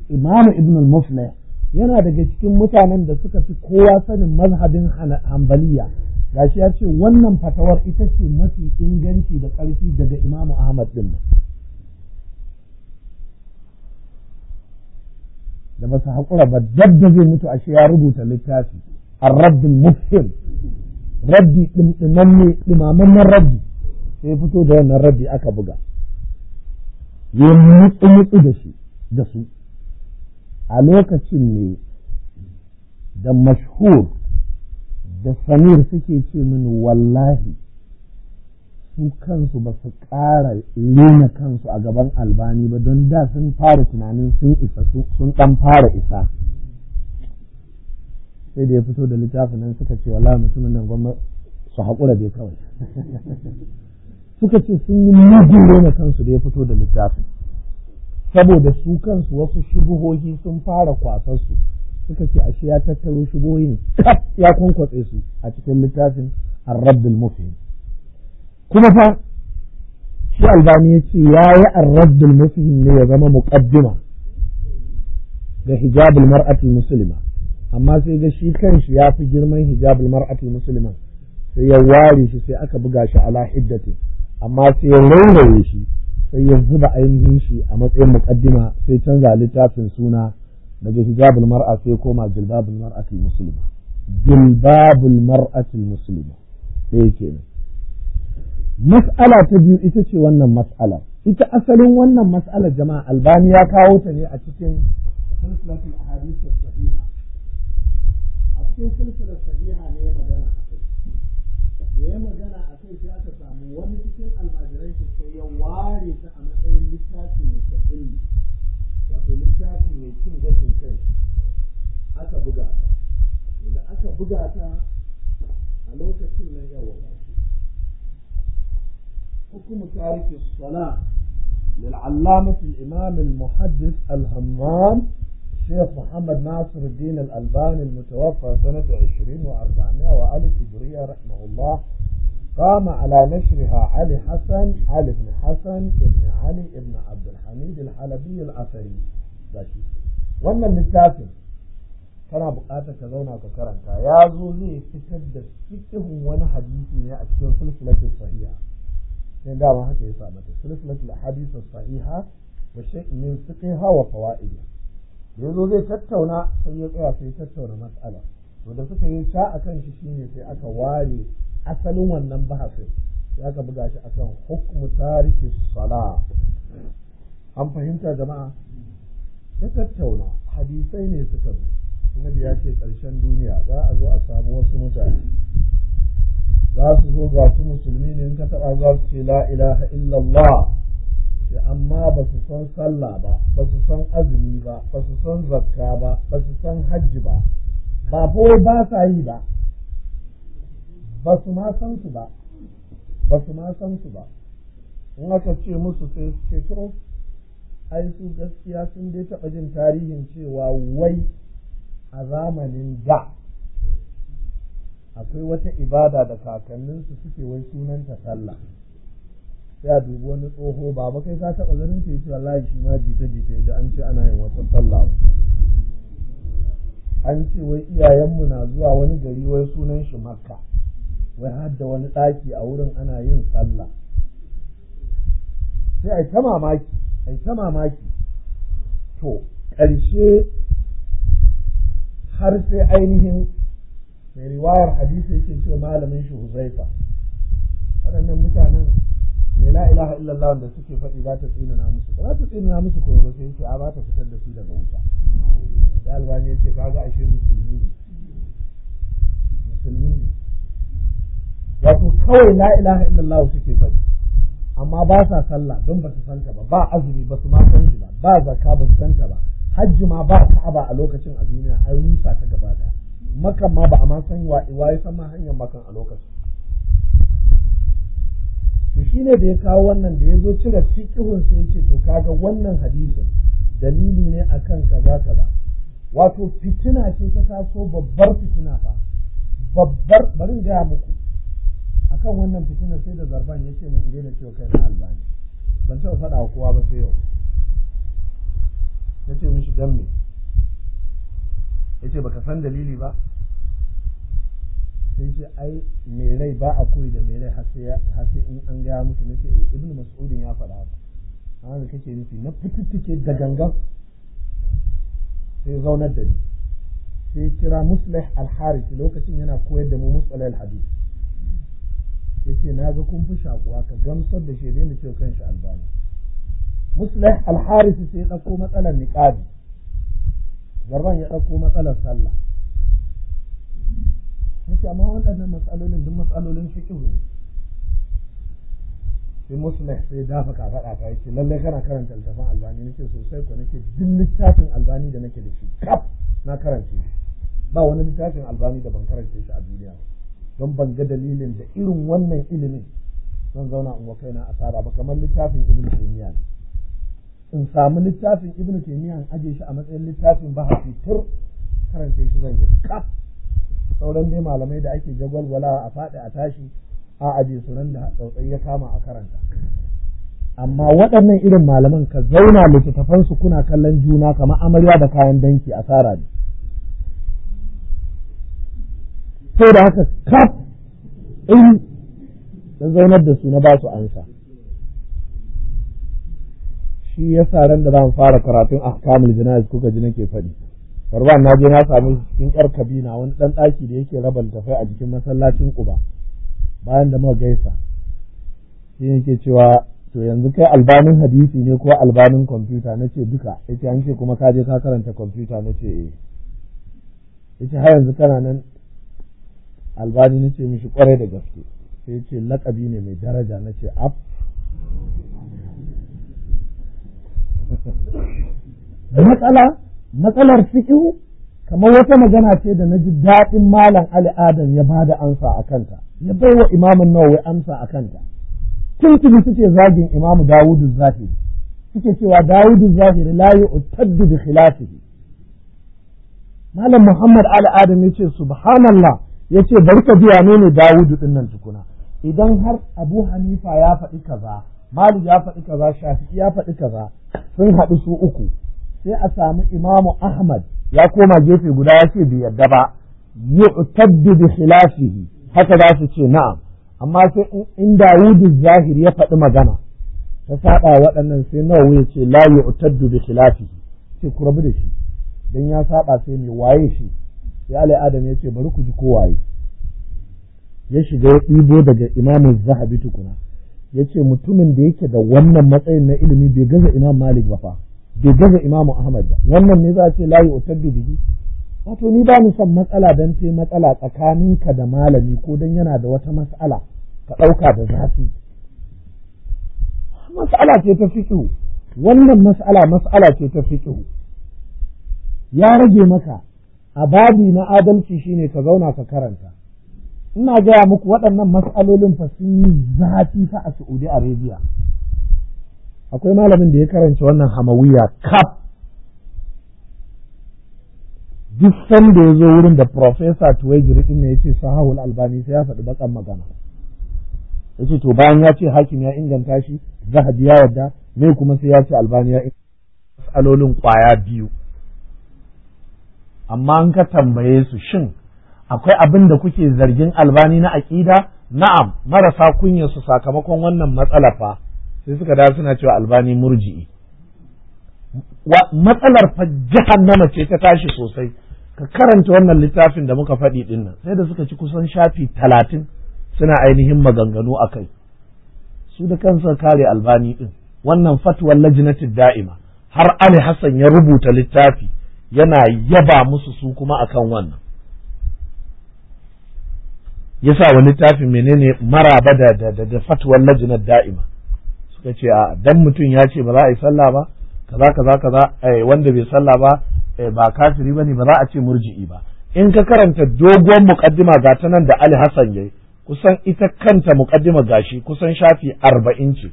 imamu ibn al-muflih yana daga cikin mutanen da suka fi kowa sanin mazhabin hanbaliya gashi ya ce wannan fatawar ita ce mafi inganci da ƙarfi daga imamu ahmad din da ba su haƙura ba dabda zai mutu ashe ya rubuta littafi a rabbin mufhim rabbi ɗimɗimamme ɗimamammen rabbi sai fito da wannan rabbi aka buga ya mutu-mutu da shi da su a lokacin ne da mashhur da samir suke ce mini wallahi su kansu ba su ƙara lena kansu a gaban albani ba don da sun fara tunanin sun isa sun ɗan fara isa sai da ya fito da littafin nan suka ce wala mutumin nan gwamna su haƙura bai kawai suka ce sun yi mugun lena kansu da ya fito da littafin saboda su kansu wasu shubuhohi sun fara kwasarsu suka ce a shi ya tattaro kaf ya kunkwatse su a cikin littafin arrabbul mufhim kuma fa shi albani ya ce ya yi arrabbul mufhim ne ya zama muqaddima da hijabul mar'atul muslima amma sai ga shi kanshi ya fi girman hijabul mar'atul muslima sai ya ware shi sai aka buga shi ala hiddati amma sai ya rauraye shi sai ya zuba ainihin shi a matsayin muqaddima sai canza littafin suna daga hijabul mar'a sai koma jilbabul mar'atul muslima jilbabul mar'atul muslima sai kenan mas'ala ta biyu ita ce wannan mas'ala ita asalin wannan mas'ala jama'a albani ya kawo ta ne a cikin silsilatul ahadith sahiha a cikin silsilar sahiha ne ya magana akai da ya magana akai kai sai aka samu wani cikin almajiran shi sai ya ware ta a matsayin littafi mai mustaqilli wato littafi mai cin gashin kai aka buga ta da aka buga ta a lokacin للعلامة الإمام المحدث الهمام الشيخ محمد ناصر الدين الألباني المتوفى سنة عشرين وأربعمائة وألف هجرية رحمه الله قام على نشرها علي حسن علي بن حسن ابن علي ابن عبد الحميد الحلبي العفري ذاكي وانا المتاسم كان بقاتا كذونا كفران يا زوزي استكد فيته وانا حديثي يا أكثر سلسلة صحيحة كان داما حكي إصابته سلسلة الحديث الصحيحة وشيء من فقهها وفوائدها يا زوزي تتونا سيئة في تتونا مسألة وذا فكي شاء كان شيء يسيئك واري asalin wannan bahasin ya ka buga shi a akan hukumu tarihi sala an fahimta jama'a ya tattauna hadisai ne suka zo annabi ya ce ƙarshen duniya za a zo a samu wasu mutane za su zo ga su musulmi ne in ka taɓa za su ce la ilaha illallah sai amma ba su san sallah ba ba su san azumi ba ba su san zakka ba ba su san hajji ba ba ko ba sa yi ba ba su ma san su ba ba su ma san su ba in aka ce musu sai su ce to ai su gaskiya sun dai taɓa jin tarihin cewa wai a zamanin da akwai wata ibada da kakanninsu suke wai sunanta sallah sai a dubi wani tsoho baba kai ka taɓa ganin ta yace wallahi shi ma jita jita yaji an ce ana yin wata sallah an ce wai iyayenmu na zuwa wani gari wai sunan shi makka wai har da wani ɗaki a wurin ana yin sallah sai a ta mamaki a ta mamaki to ƙarshe har sai ainihin mai riwayar hadisi yake cewa malamin shi huzaifa waɗannan mutanen mai la ilaha illallah wanda suke faɗi za ta na musu ba za ta na musu ko ba sai yake a ba ta fitar da su daga wuta da yake kaga ashe musulmi ne musulmi ne wato kawai la ilaha illallah suke faɗi amma ba sa sallah don ba su santa ba ba azumi ba su ma san ba ba zakka ba su santa ba hajji ma ba ka'aba a lokacin a duniya an rusa ta gaba daya makan ma ba a ma san wa san ma hanyar makan a lokacin to shine da ya kawo wannan da ya zo cire fiqhun sai ya ce to kaga wannan hadisin dalili ne akan kaza kaza wato fitina ce ta taso babbar fitina fa babbar bari in gaya muku akan wannan fitinar sai da zarban ya ce min daina cewa kai na albani ban taɓa faɗa wa kowa ba sai yau ya ce mishi dan me ya ce baka san dalili ba sai ce ai mai rai ba a koyi da mai rai har sai in an gaya mutu na ce eh, ibnu mas'udin ya faɗa haka amma da kake nufi na fitittike da gangan sai zaunar da ni sai kira muslih al lokacin yana koyar da mu musalai al-hadith ce na ga kun fi shakuwa ka gamsar da shi da cewa kanshi albani muslim al sai ya dauko matsalar niƙabi zarban ya dauko matsalar sallah yace amma waɗannan matsalolin duk matsalolin fiqh ne sai muslim sai dafa kafa faɗa ka yace lallai kana karanta littafin albani nake sosai ko nake duk littafin albani da nake da shi kaf na karanta shi ba wani littafin albani da ban karanta shi a duniya ba don ban ga dalilin da irin wannan ilimin zan zauna in wakai na asara ba kamar littafin ibnu taymiya ne in samu littafin ibnu taymiya aje shi a matsayin littafin hafi tur karanta shi zan yi kaf sauran dai malamai da ake jagwalgwala a faɗi a tashi a aje su nan da tsautsai ya kama a karanta amma waɗannan irin malaman ka zauna su kuna kallon juna kamar amarya da kayan danki asara ne sai da haka kaf in da zaunar da su na ba su ansa shi ya sa ran da zan fara karatun ahkamul jana'iz kuka ji nake faɗi farwan na je na sami cikin yar kabina wani ɗan ɗaki da yake raba tafai a jikin masallacin kuba bayan da muka gaisa shi yake cewa to yanzu kai albanin hadisi ne ko albanin kwamfuta na ce duka yace an ce kuma kaje ka karanta kwamfuta na ce eh yace har yanzu kana nan albani nace mishi kwarai da gaske sai ce lakabi ne mai daraja nace ab matsala matsalar fikihu kamar wata magana ce da na ji daɗin malam Ali Adam ya bada amsa a kanta ya baiwa imamun Nawawi amsa a kanta tuntuni suke zagin imamu Dawudu Zahiri suke cewa Dawudu Zahiri la yu'taddu bi khilafihi malam Muhammad Ali Adam ya ce subhanallah ya ce bari ka biya ne dawudu ɗin nan tukuna idan har abu hanifa ya faɗi kaza malik ya faɗi kaza shafi'i ya faɗi kaza sun haɗu su uku sai a samu imamu ahmad ya koma gefe guda ya ce bi yarda ba yu'taddu bi khilafihi haka za su ce na'am amma sai in dawudu zahiri ya faɗi magana ta saɓa waɗannan sai nawa ya ce la yu'taddu bi khilafihi sai ku rabu da shi dan ya saɓa sai mai waye shi sai alai adam ya ce bari ku ji kowaye ya shiga ya ɗibo daga imamin zahabi tukuna ya ce mutumin da yake da wannan matsayin na ilimi bai gaza imam malik ba fa bai gaza imamu ahmad ba wannan ne za a ce layi otaddu bihi wato ni ba ni son matsala dan te matsala tsakaninka da malami ko dan yana da wata matsala ka ɗauka da zafi matsala ce ta fiƙihu wannan matsala matsala ce ta fiƙihu ya rage maka a babi na adalci shine ka zauna ka karanta ina gaya muku waɗannan matsalolin fa sun yi zafi fa a Saudi Arabia akwai malamin da ya karanta wannan hamawiya kaf duk sanda ya zo wurin da Profesa Tuwajiri ɗin ne ya ce sahahul albani sai ya faɗi bakan magana. Ya ce to bayan ya ce hakim ya inganta shi zahabi ya yarda me kuma sai ya ce albani ya inganta matsalolin kwaya biyu. amma an ka tambaye su shin akwai abin da kuke zargin albani na aƙida na'am marasa kunya su sakamakon wannan matsala fa sai suka da suna cewa albani murji'i matsalar fa jahannama ce ta tashi sosai ka karanta wannan littafin da muka faɗi dinnan sai da suka ci kusan shafi talatin suna ainihin maganganu a kai su da kansa kare albani din, wannan fatuwar lajinatin da'ima har Ali Hassan ya rubuta littafi yana yaba musu su kuma akan wannan yasa wani tafi menene maraba da da da fatuwar lajinar da'ima suka ce a dan mutum ya ce ba za a yi sallah ba kaza kaza kaza eh, wanda bai sallah ba eh, ba kafiri ne. ba za a ce murji'i ba in ka karanta doguwar muqaddima ga ta nan da Ali Hassan yayi kusan ita kanta muqaddima gashi kusan shafi arba'in ce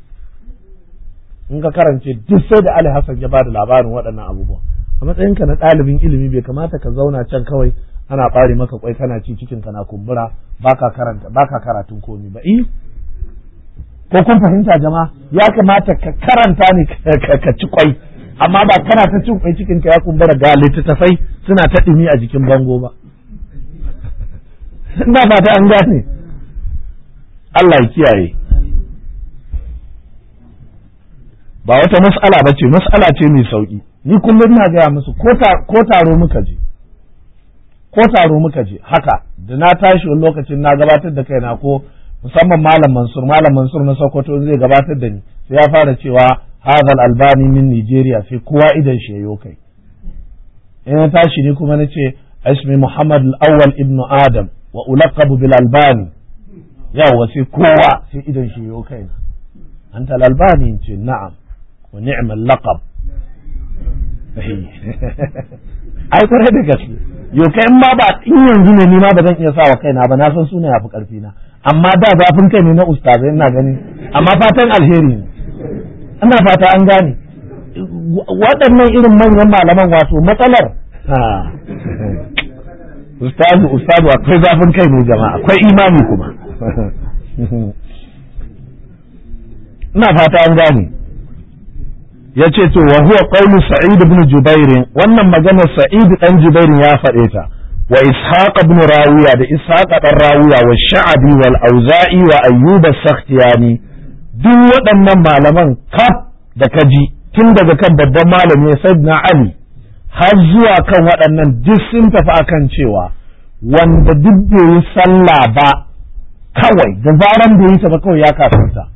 in ka karance duk sai da Ali Hassan ya bada labarin waɗannan abubuwan a matsayinka na ɗalibin ilimi bai kamata ka zauna can kawai ana ɓare maka kwai kana ci cikin ka na kumbura ba karanta karatun komi ba eh ko kun fahimta jama ya kamata ka karanta ne ka ci kwai amma ba kana ta cin kwai cikin ka ya kumbura ga littattafai suna ta ɗumi a jikin bango ba ina ba ta an gane Allah ya kiyaye ba wata mas'ala ba ce mas'ala ce mai sauki ni kullum na gaya musu ko taro muka je ko taro muka je haka da na tashi wani lokacin na gabatar da kaina ko musamman malam mansur malam mansur na sokoto zai gabatar da ni sai ya fara cewa hazal albani min nigeria sai kowa idan shi yayo kai in na tashi ni kuma na ce ismi muhammad al-awwal ibn adam wa ulaqabu bil albani yawa sai kowa sai idan shi yayo kai albani ce na'am wa ni'mal laqab ai kwarai da gaske yau kai in ma ba in yanzu ne ni ma ba zan iya sa wa kaina ba na san suna yafi karfi na amma da zafin kai ne na ustazai ina gani amma fatan alheri ne ina fata an gane waɗannan irin manyan malaman wato matsalar ustazu ustazu akwai zafin kai ne jama'a akwai imani kuma ina fata an gane ya ce to wa huwa qawlu sa'id ibn jubair wannan maganar sa'id dan jubair ya faɗe ta wa ishaq ibn rawiya da ishaq dan rawiya wa sha'abi wal auza'i wa ayyub as-sakhtiyani duk waɗannan malaman kaf da kaji tun daga kan babban malami sayyidina ali har zuwa kan waɗannan duk sun tafi akan cewa wanda duk bai yi sallah ba kawai da zaran bai yi ta ba kawai ya kafirta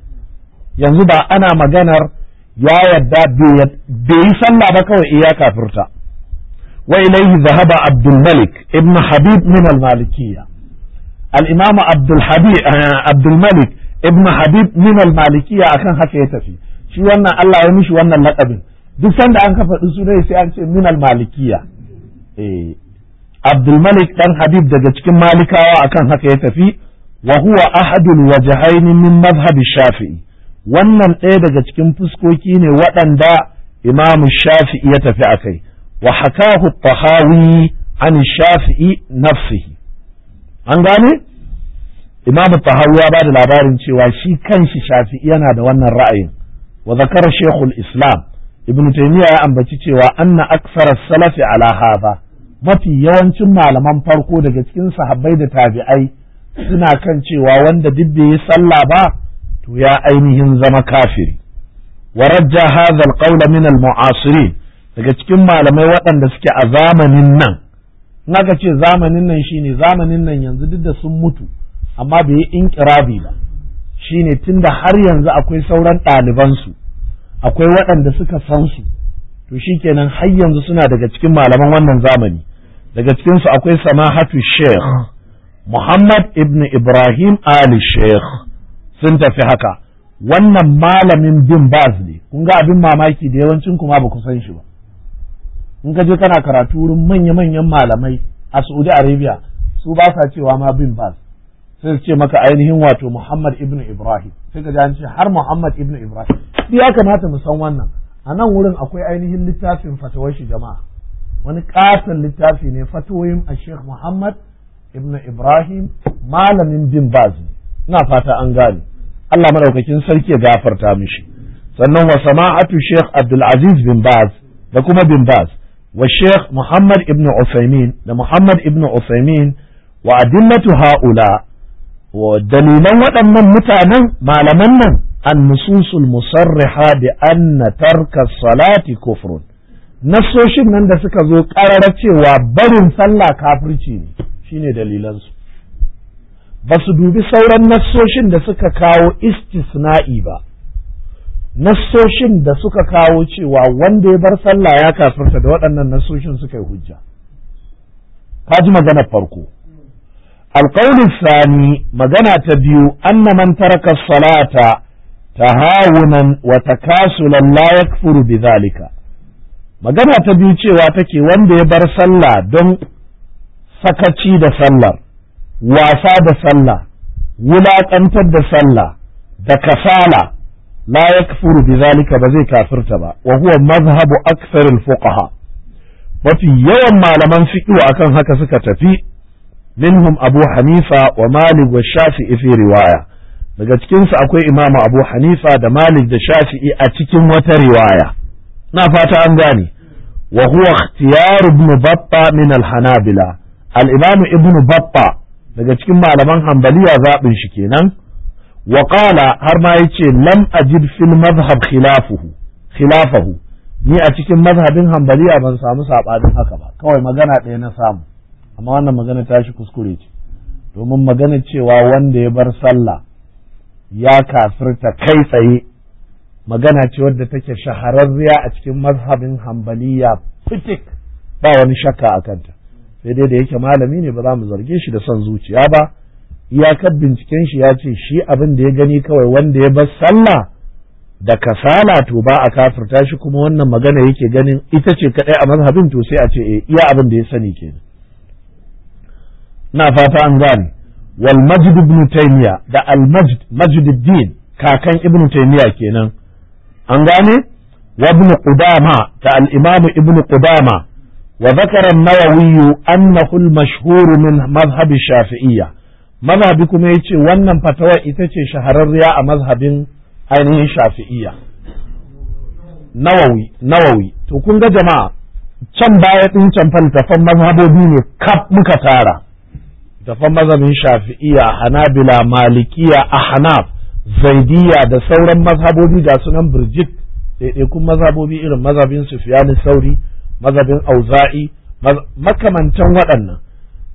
yanzu ba ana maganar ya yarda bai yi sallah ba kawai iya kafirta wa ilaihi zahaba abdul malik ibn habib min al malikiyya al imam abdul habib eh, abdul malik ibn habib min al malikiyya akan haka ya tafi shi wannan Allah ya mishi wannan laqabin duk sanda an kafa su dai sai an ce min al malikiyya eh abdul malik dan habib daga cikin malikawa akan haka ya tafi wa huwa ahadul wajhain min madhhab shafi'i wannan ɗaya daga cikin fuskoki ne waɗanda imamu shafi'i ya tafi a kai wa hakahu tahawi an shafi'i nafsihi an gane Imamu tahawi ya ba da labarin cewa shi kanshi shafi'i yana da wannan ra'ayin wa zakara shekul islam ibn taymiya ya ambaci cewa anna aksara salafi ala hadha mafi yawancin malaman farko daga cikin sahabbai da tabi'ai suna kan cewa wanda duk bai yi sallah ba to ya ainihin zama kafiri wa rajja hadha alqawla min almu'asirin daga cikin malamai waɗanda suke a zamanin nan in aka ce zamanin nan shine zamanin nan yanzu duk da sun mutu amma bai yi inkirabi ba shine tunda har yanzu akwai sauran su akwai waɗanda suka san su to shikenan har yanzu suna daga cikin malaman wannan zamani daga cikinsu akwai samahatu sheikh muhammad ibn ibrahim ali sheikh sun tafi haka wannan malamin bin baz ne kun ga abin mamaki da yawancin kuma ba ku san shi ba in ka je kana karatu wurin manya-manyan malamai a Saudi Arabia su ba sa cewa ma bin baz sai su ce maka ainihin wato Muhammad ibn Ibrahim sai ka ji har Muhammad ibn Ibrahim ya kamata mu san wannan a nan wurin akwai ainihin littafin fatawar shi jama'a wani ƙasan littafi ne fatoyin a Sheikh Muhammad ibn Ibrahim malamin bin baz ne ina fata an gane Allah madaukakin sarki ya gafarta mishi sannan wa sama'atu Sheikh Abdulaziz bin Baz da kuma bin Baz wa Sheikh Muhammad ibn Usaimin da Muhammad ibn Usaimin wa adillatu haula wa dalilan waɗannan mutanen malaman nan annususul musarriha bi anna tarka salati kufrun nasoshin nan da suka zo ƙarara cewa barin sallah kafirci ne shine dalilansu ba su dubi sauran nassoshin da suka kawo istisna'i ba, nassoshin da suka kawo cewa wanda ya bar sallah ya kafirta da waɗannan nassoshin suka yi hujja. Ka ji maganar farko, alƙaunin sani magana ta biyu an na taraka salata ta hawunan wata kasulan layak furu zalika. Magana ta biyu cewa take wanda ya bar sallah don sakaci da sallar. wasa da sallah wulaƙantar da sallah da kasala la yakfuru bizalika ba zai kafirta ba wa huwa mazhabu aktharil fuqaha mafi yawan malaman fiqh akan haka suka tafi minhum abu hanifa wa malik wa shafi'i fi riwaya daga cikinsu akwai imam abu hanifa da malik da shafi'i a cikin wata riwaya na fata an gane wa huwa ikhtiyar ibn babba min al-hanabila al-imam ibn babba daga cikin malaman hambaliya zaɓin shi kenan wa har ma yace lam ajid fil mazhab khilafuhu khilafahu ni a cikin mazhabin hambaliya ban samu saɓanin haka ba kawai magana ɗaya na samu amma wannan magana ta shi kuskure ce domin magana cewa wanda ya bar sallah ya kafirta kai tsaye magana ce wadda take shahararriya a cikin mazhabin hambaliya fitik ba wani shakka a kanta sai dai da yake malami ne ba za mu zarge shi da son zuciya ba iyakar binciken shi ya ce shi abin da ya gani kawai wanda ya bar sallah da kasala to ba a kafirta shi kuma wannan magana yake ganin ita ce kadai a mazhabin to sai a ce eh iya abin da ya sani kenan na fata an gane wal majid ibn taymiya da al majid majid kakan ibn taymiya kenan an gane wa ibn qudama ta al imam ibn qudama وذكر النووي أنه المشهور من مذهب الشافعية مذهب كما يتشي ونن فتوى إتشي شهر الرياء مذهب أينه الشافعية نووي نووي تكون جماعة can baya ɗin can fa littafan mazhabobi ne kaf muka tara Tafan mazhabin shafi'iya hanabila malikiya ahnaf zaidiya da sauran mazhabobi ga sunan birjit ɗaiɗaikun mazhabobi irin mazhabin sufiyani sauri mazhabin auza'i makamantan waɗannan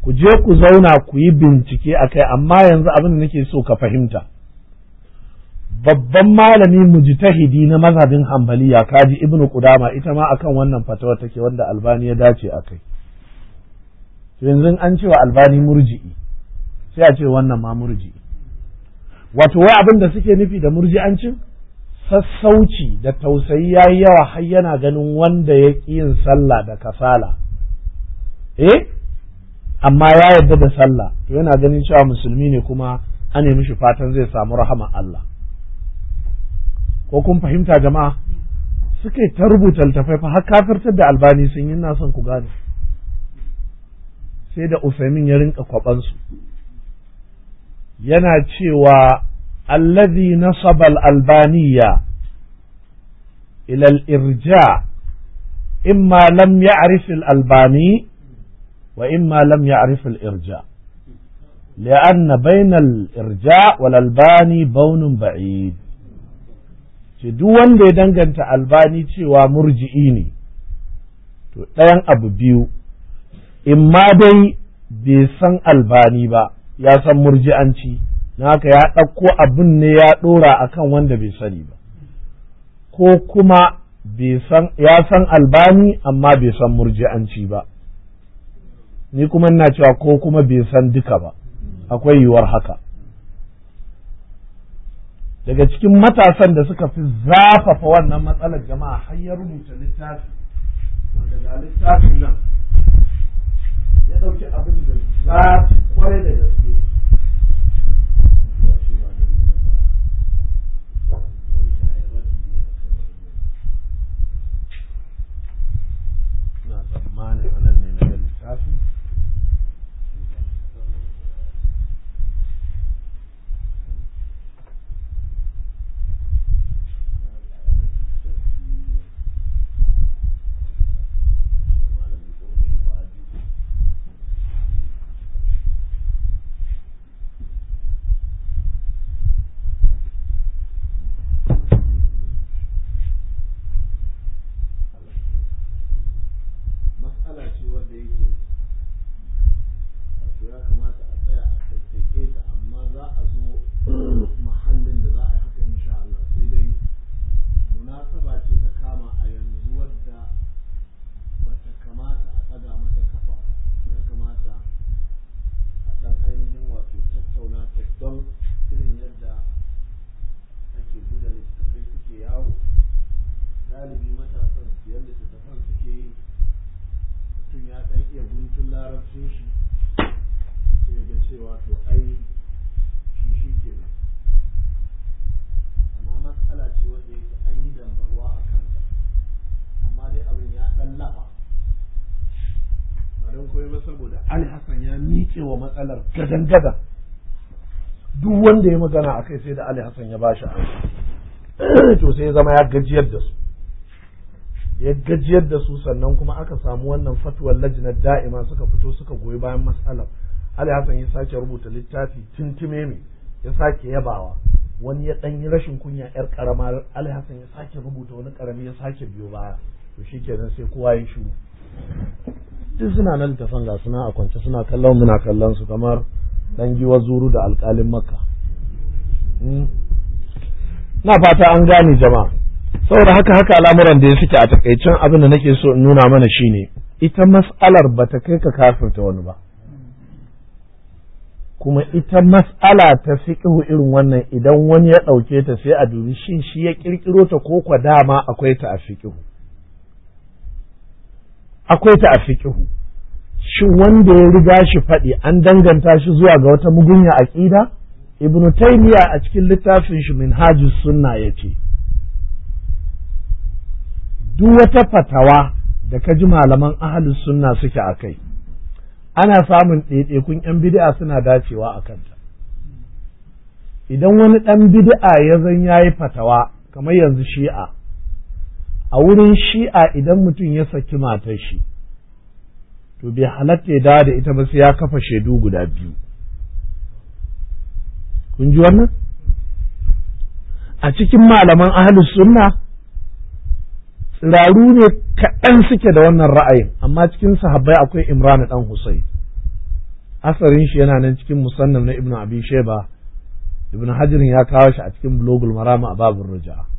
ku je ku zauna ku yi bincike a kai amma yanzu abin da nake so ka fahimta babban malami mujtahidi na mazhabin hambaliya kaji ibnu kudama ita ma akan wannan fatawa take wanda albani ya dace a kai yanzu an cewa albani murji'i sai a ce wannan ma murji'i wato wai abin da suke nufi da murji'ancin sassauci da tausayi ya yi yawa har yana ganin wanda ya ƙi yin sallah da kasala eh amma ya yarda da sallah to yana ganin cewa musulmi ne kuma an yi mishi fatan zai samu rahama Allah ko kun fahimta jama'a suke ta rubuta littafai fa har kafirtar da albani sun yi nasan ku gane sai da Usaimin ya rinka kwabansu yana cewa الذي نصب الألبانية إلى الإرجاع إما لم يعرف الألباني وإما لم يعرف الإرجاع لأن بين الإرجاع والألباني بون بعيد duk wanda ya danganta albani cewa murji'i ne to ɗayan abu biyu in ma dai bai san albani ba ya san murji'anci na haka ya ɗauko abin ne ya ɗora a kan wanda bai sani ba ko kuma ya san albani amma bai san murji'anci ba ni kuma ina cewa ko kuma bai san duka ba akwai yiwuwar haka daga cikin matasan da suka fi zafafa wannan matsalar jama'a har ya rubuta littafi wanda ga littafin nan ya ɗauki abin da zafi kwarai da gaske on it. ta duk wanda ya magana a kai sai da Ali Hassan ya bashi to sai ya zama ya gajiyar da su ya gajiyar da su sannan kuma aka samu wannan fatuwar lajinar da'ima suka fito suka goyi bayan matsalar Ali Hassan ya sake rubuta littafi tintime ne ya sake yabawa wani ya ɗan rashin kunya yar karama Ali Hassan ya sake rubuta wani karami ya sake biyo baya to shikenan sai kowa ya shiru duk suna nan littafan ga suna a kwance suna kallon muna kallon su kamar dan giwa zuru da alkalin makka hmm. na fata an gane jama'a saboda haka haka al'amuran da ya suke a takaicin abin da nake so in nuna mana shine ita mas'alar ba ta kai ka kafirta wani ba kuma ita mas'ala ta fiqhu irin wannan idan wani ya ɗauke ta sai a dubi shi, shi ya ƙirƙiro ta ko kwa dama akwai ta a fiƙihu. akwai ta a fikihu shi wanda ya riga shi faɗi an danganta shi zuwa ga wata mugunya aƙida ibnu taymiya a cikin littafin shi minhajus sunna ya ce. duk wata fatawa da ka ji malaman ahalus sunna suke a kai ana samun ɗaiɗaikun 'yan bid'a suna dacewa a kanta idan wani ɗan bid'a ya zan ya yi fatawa kamar yanzu shi'a a wurin shi'a idan mutum ya saki matar shi to bai halatta ya dawo da ita ba sai ya kafa shaidu guda biyu kun ji wannan a cikin malaman ahalus sunna tsiraru ne kaɗan suke da wannan ra'ayin amma cikin sahabbai akwai Imrana dan husayn asarin shi yana nan cikin musannam na ibnu abi sheba ibnu hajar ya kawo shi a cikin bulogul marama a babin ruja'a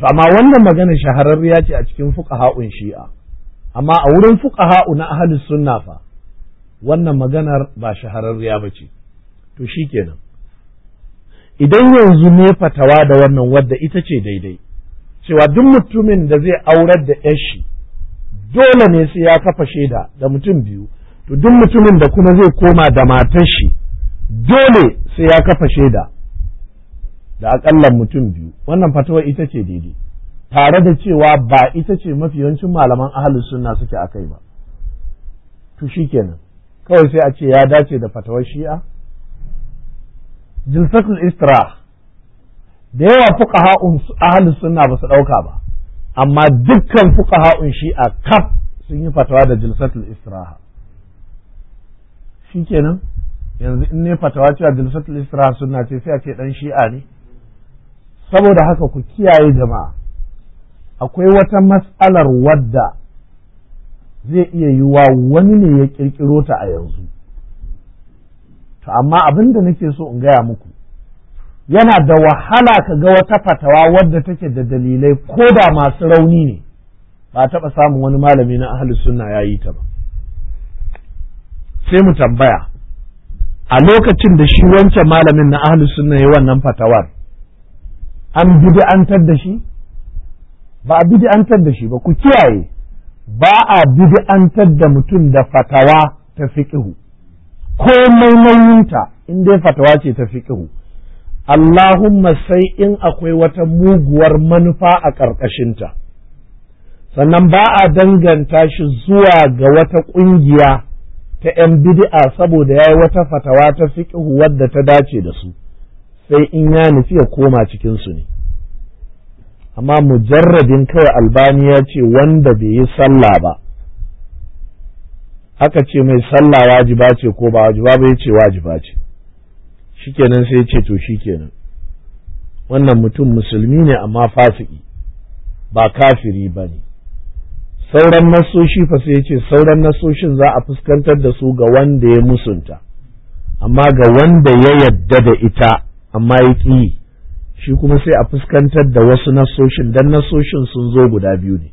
to amma wannan maganar shahararriya ce a cikin fuqaha'un shi'a amma a wurin fuqaha'u na ahlus sunna fa wannan maganar ba shahararriya ba ce to shikenan idan yanzu ne fatawa da wannan wadda ita ce daidai cewa duk mutumin da zai aurar da shi dole ne sai ya kafa shaida da mutum biyu to duk mutumin da kuma zai koma da matar shi dole sai ya kafa shaida da akallan mutum biyu wannan fatawa ita ce daidai tare da cewa ba ita ce mafi yawancin malaman ahalus sunna suke a kai ba to shikenan kawai sai a ce ya dace da fatawar shi'a jilsatul istira da yawa fuqaha'un ahalus sunna ba su dauka ba amma dukkan fuqaha'un shi'a kaf sun yi fatawa da jilsatul shi shikenan yanzu in ne fatawa cewa jilsatul istira sunna ce sai a ce dan shi'a ne saboda haka ku kiyaye jama'a akwai wata matsalar wadda zai iya yiwuwa wani ne ya ƙirƙiro ta a yanzu to amma abin da nake so in gaya muku yana da wahala ka ga wata fatawa wadda take da dalilai ko da masu rauni ne ba taɓa samun wani malami na ahli sunna ya yi ta ba sai mu tambaya a lokacin da shi wancan malamin na ahli sunna ya yi wannan fatawar an bid'antar da shi ba a bid'antar da shi ba ku kiyaye ba a bid'antar da mutum da fatawa ta fiqhu mai nauyinta in dai fatawa ce ta fiqhu Allahumma sai in akwai wata muguwar manufa a ƙarƙashinta sannan ba a danganta shi zuwa ga wata ƙungiya ta ‘yan bid'a saboda ya yi wata fatawa ta fiqhu wadda ta dace da su. sai in ya nufi ya koma cikin su ne amma mujarradin kawai albani ya ce wanda bai yi sallah ba aka ce mai sallah wajiba ce ko ba wajiba ba ya ce wajiba ce shikenan sai ce to shikenan wannan mutum musulmi ne amma fasiki ba kafiri ba ne sauran nasoshi fa sai ya ce sauran nasoshin za a fuskantar da su ga wanda ya musunta amma ga wanda ya yadda da ita amma ya ƙi shi kuma sai a fuskantar da wasu nasoshin don nasoshin sun zo guda biyu ne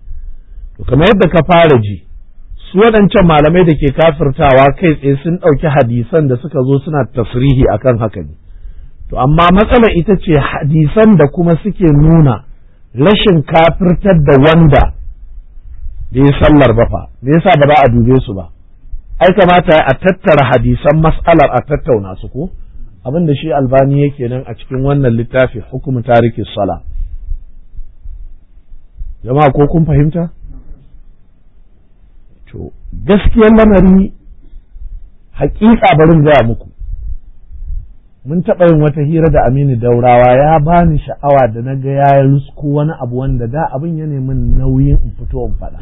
to kamar yadda ka fara ji su waɗancan malamai da ke kafirtawa kai tsaye sun ɗauki hadisan da suka zo suna tasrihi akan haka ne to amma matsalar ita ce hadisan da kuma suke nuna rashin kafirtar da wanda da ya sallar ba fa me yasa ba za a dube su ba ai kamata a tattara hadisan mas'alar a tattauna su ko abin da shi albani yake nan a cikin wannan littafi hukumu tariki sala jama'a ko kun fahimta to gaskiyar lamari hakika barin gaya muku mun taɓa yin wata hira da aminu daurawa ya bani sha'awa da na ga ya rusku wani abu wanda da abin ya nemi nauyin in fito in faɗa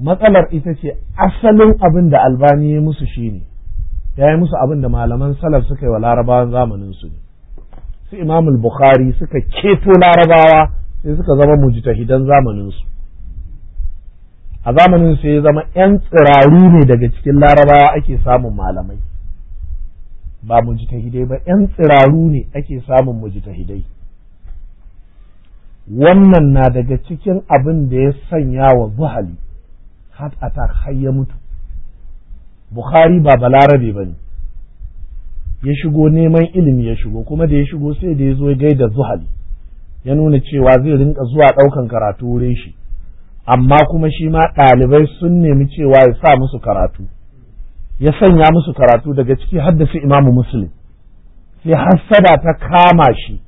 matsalar ita ce asalin abin da albani ya musu shine ya yi musu abin da malaman salaf suka yi wa larabawan zamanin su su imamul bukhari suka keto larabawa sai suka zama mujtahidan zamanin su a zamanin su ya zama yan tsirari ne daga cikin larabawa ake samun malamai ba mujtahidai ba yan tsiraru ne ake samun mujtahidai wannan na daga cikin abin da ya sanya wa zuhali har attack har ya mutu bukhari ba balarabe ba ne ya shigo neman ilimi ya shigo kuma da ya shigo sai da ya zo gai da zuhal. ya nuna cewa zai rinka zuwa ɗaukan karatu wurin shi amma kuma shi ma ɗalibai sun nemi cewa ya sa musu karatu ya sanya musu karatu daga ciki har da su imamu muslim sai hassada ta kama shi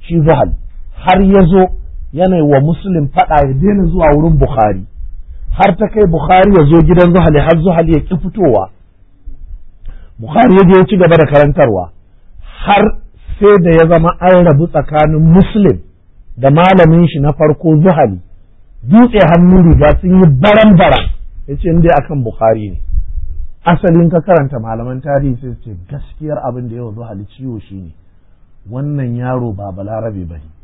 shi zuhal har ya zo yanayi wa muslim faɗa ya daina zuwa wurin bukhari har ta kai bukhari ya zo gidan zuhali har zuhali ya ki fitowa bukhari ya je ci gaba da karantarwa har sai da ya zama an rabu tsakanin muslim da malamin shi na farko zuhali dutse hannu riga sun yi baran baran ya ce dai akan bukhari ne asalin ka karanta malaman tarihi sai ce gaskiyar abin da yau zuhali ciwo shi ne wannan yaro ba balarabe ba ne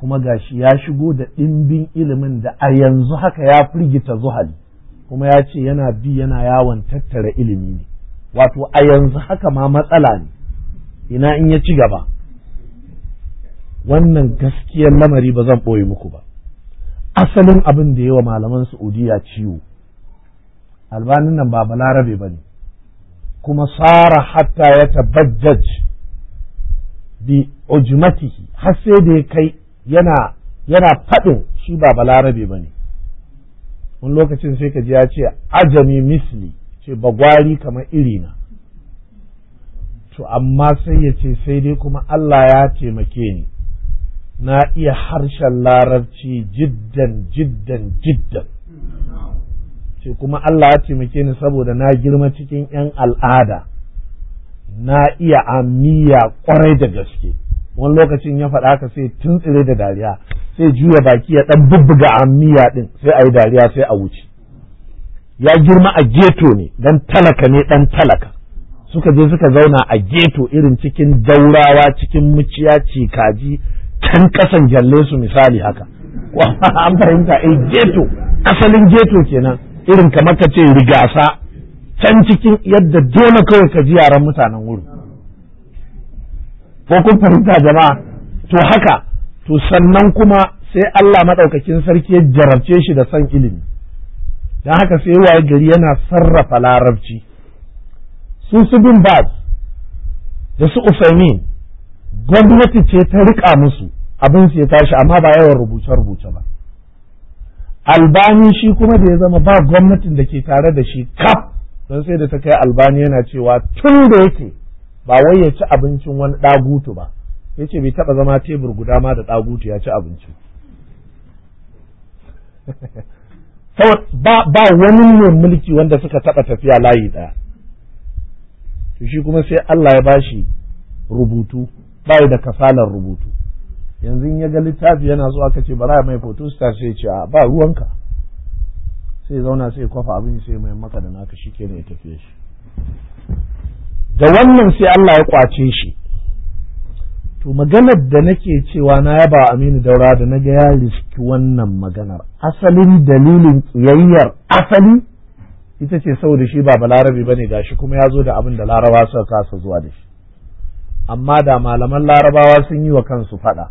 kuma gashi ya shigo da ɗimbin ilimin da a yanzu haka ya firgita zuhali kuma ya ce yana bi yana yawon tattara ilimi ne wato a yanzu haka ma matsala ne ina in ya ci gaba wannan gaskiyar lamari ba zan ɓoye muku ba asalin abin da yawa malaman saudiya ciwo albanin nan ba balarabe ba ne kuma tsara hatta ya tabajjaj bi ujmatihi har sai da ya kai yana yana faɗin shi ba balarabe ba ne wani lokacin sai ka ji ya ce ajami misli ce bagwari kamar irina to amma sai ya ce sai dai kuma Allah ya taimake ni na iya harshen larabci jiddan jiddan jiddan ce kuma Allah ya taimake ni saboda na girma cikin 'yan al'ada na iya amiya kwarai da gaske wani lokacin ya faɗa ka sai tsire da dariya sai juya baki ya ɗan bubbuga a miya ɗin sai a yi dariya sai a wuce ya girma a geto ne dan talaka ne dan talaka suka je suka zauna a geto irin cikin daurawa cikin muciya cikaji can kasan jalle su misali haka an fahimta eh geto asalin geto kenan irin kamar ka ce rigasa can cikin yadda dole kawai ka ji yaran mutanen wuri ko kun fahimta jama'a to haka to sannan kuma sai Allah maɗaukakin sarki ya jarabce shi da son ilimi don haka sai waye gari yana sarrafa larabci su su bin ba da su usaimin gwamnati ce ta rika musu abin su ya tashi amma ba yawan rubuce-rubuce ba albani shi kuma da ya zama ba gwamnatin da ke tare da shi kaf don sai da ta kai albani yana cewa tun da yake ba wai ya ci abincin wani ɗagutu ba ya ce bai taɓa zama tebur guda ma da ɗagutu ya ci abinci ba wani ne mulki wanda suka taɓa tafiya layi ɗaya to shi kuma sai Allah ya bashi rubutu bai da kasalar rubutu yanzu in ya ga littafi yana zuwa kace ce bara mai mai star sai ce a ba ruwanka sai zauna sai kwafa abin sai mai maka da naka shi kenan ya tafiye shi da wannan sai Allah ya kwace shi to maganar da nake cewa na yaba Aminu Daura da na ga ya riski wannan maganar asalin dalilin tsiyayyar asali ita ce saboda shi ba balarabe bane gashi kuma ya zo da abin da larabawa suka kasa zuwa da shi amma da malaman larabawa sun yi wa kansu fada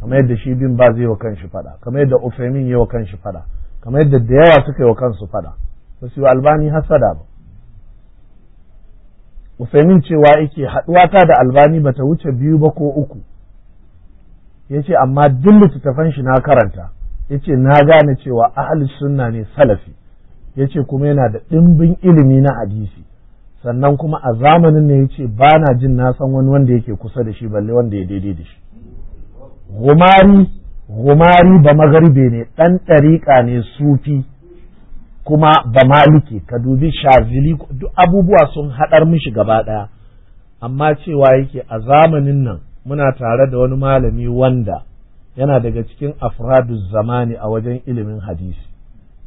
kamar yadda shi bin ba zai wa kanshi fada kamar yadda Uthaymeen yi wa kanshi fada kamar yadda da yawa suka yi wa kansu fada ba su albani hasada ba Usaimin cewa yake haɗuwata da albani ta wuce biyu ba ko uku yace amma duk littattafan shi na karanta yace na gane cewa ahalus sunna ne salafi yace kuma yana da ɗimbin ilimi na hadisi sannan kuma a zamanin ne ya ce ba na jin na san wani wanda yake kusa da shi balle wanda ya daidai da shi gumari gumari ba magaribe ne ɗan ɗariƙa ne sufi kuma ba maliki ka dubi shazili duk abubuwa sun haɗar mishi gaba ɗaya amma cewa yake a zamanin nan muna tare da wani malami wanda yana daga cikin afradu zamani a wajen ilimin hadisi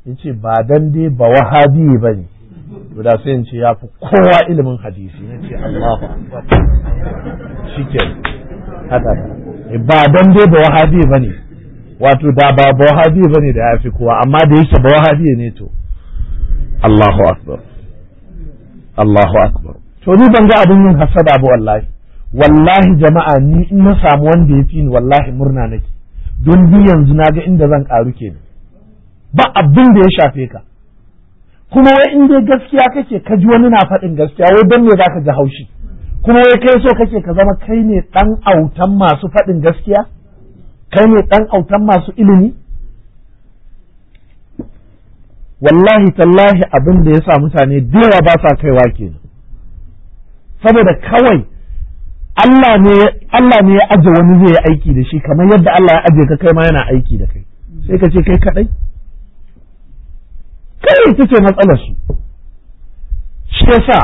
yace ba dan dai ba wahabi ba ne to da sai ce ya fi kowa ilimin hadisi na ce Allahu akbar shikenan eh, ba dan dai ba wahabi ba ne wato da ba ba wahabi ba ne da ya fi kowa amma da yake ba wahabi ne to Allahu akbar Allahu akbar to ni ban ga abin yin hasada ba wallahi wallahi jama'a ni in na samu wanda ya fi ni wallahi murna nake don ni yanzu na ga inda zan karu kenan ba abin da ya shafe ka kuma wai in dai gaskiya kake ka ji wani na faɗin gaskiya wai don me zaka ji haushi kuma wai kai so kake ka zama kai ne dan autan masu faɗin gaskiya kai ne ɗan autan masu ilimi wallahi tallahi abin da ya sa mutane dewa ba sa kaiwa kenan saboda kawai Allah ne ya aje wani zai yi aiki da shi kamar yadda Allah ya aje ka kai ma yana aiki da kai sai ka ce kai kadai kai ta ce matsalar su shi ya sa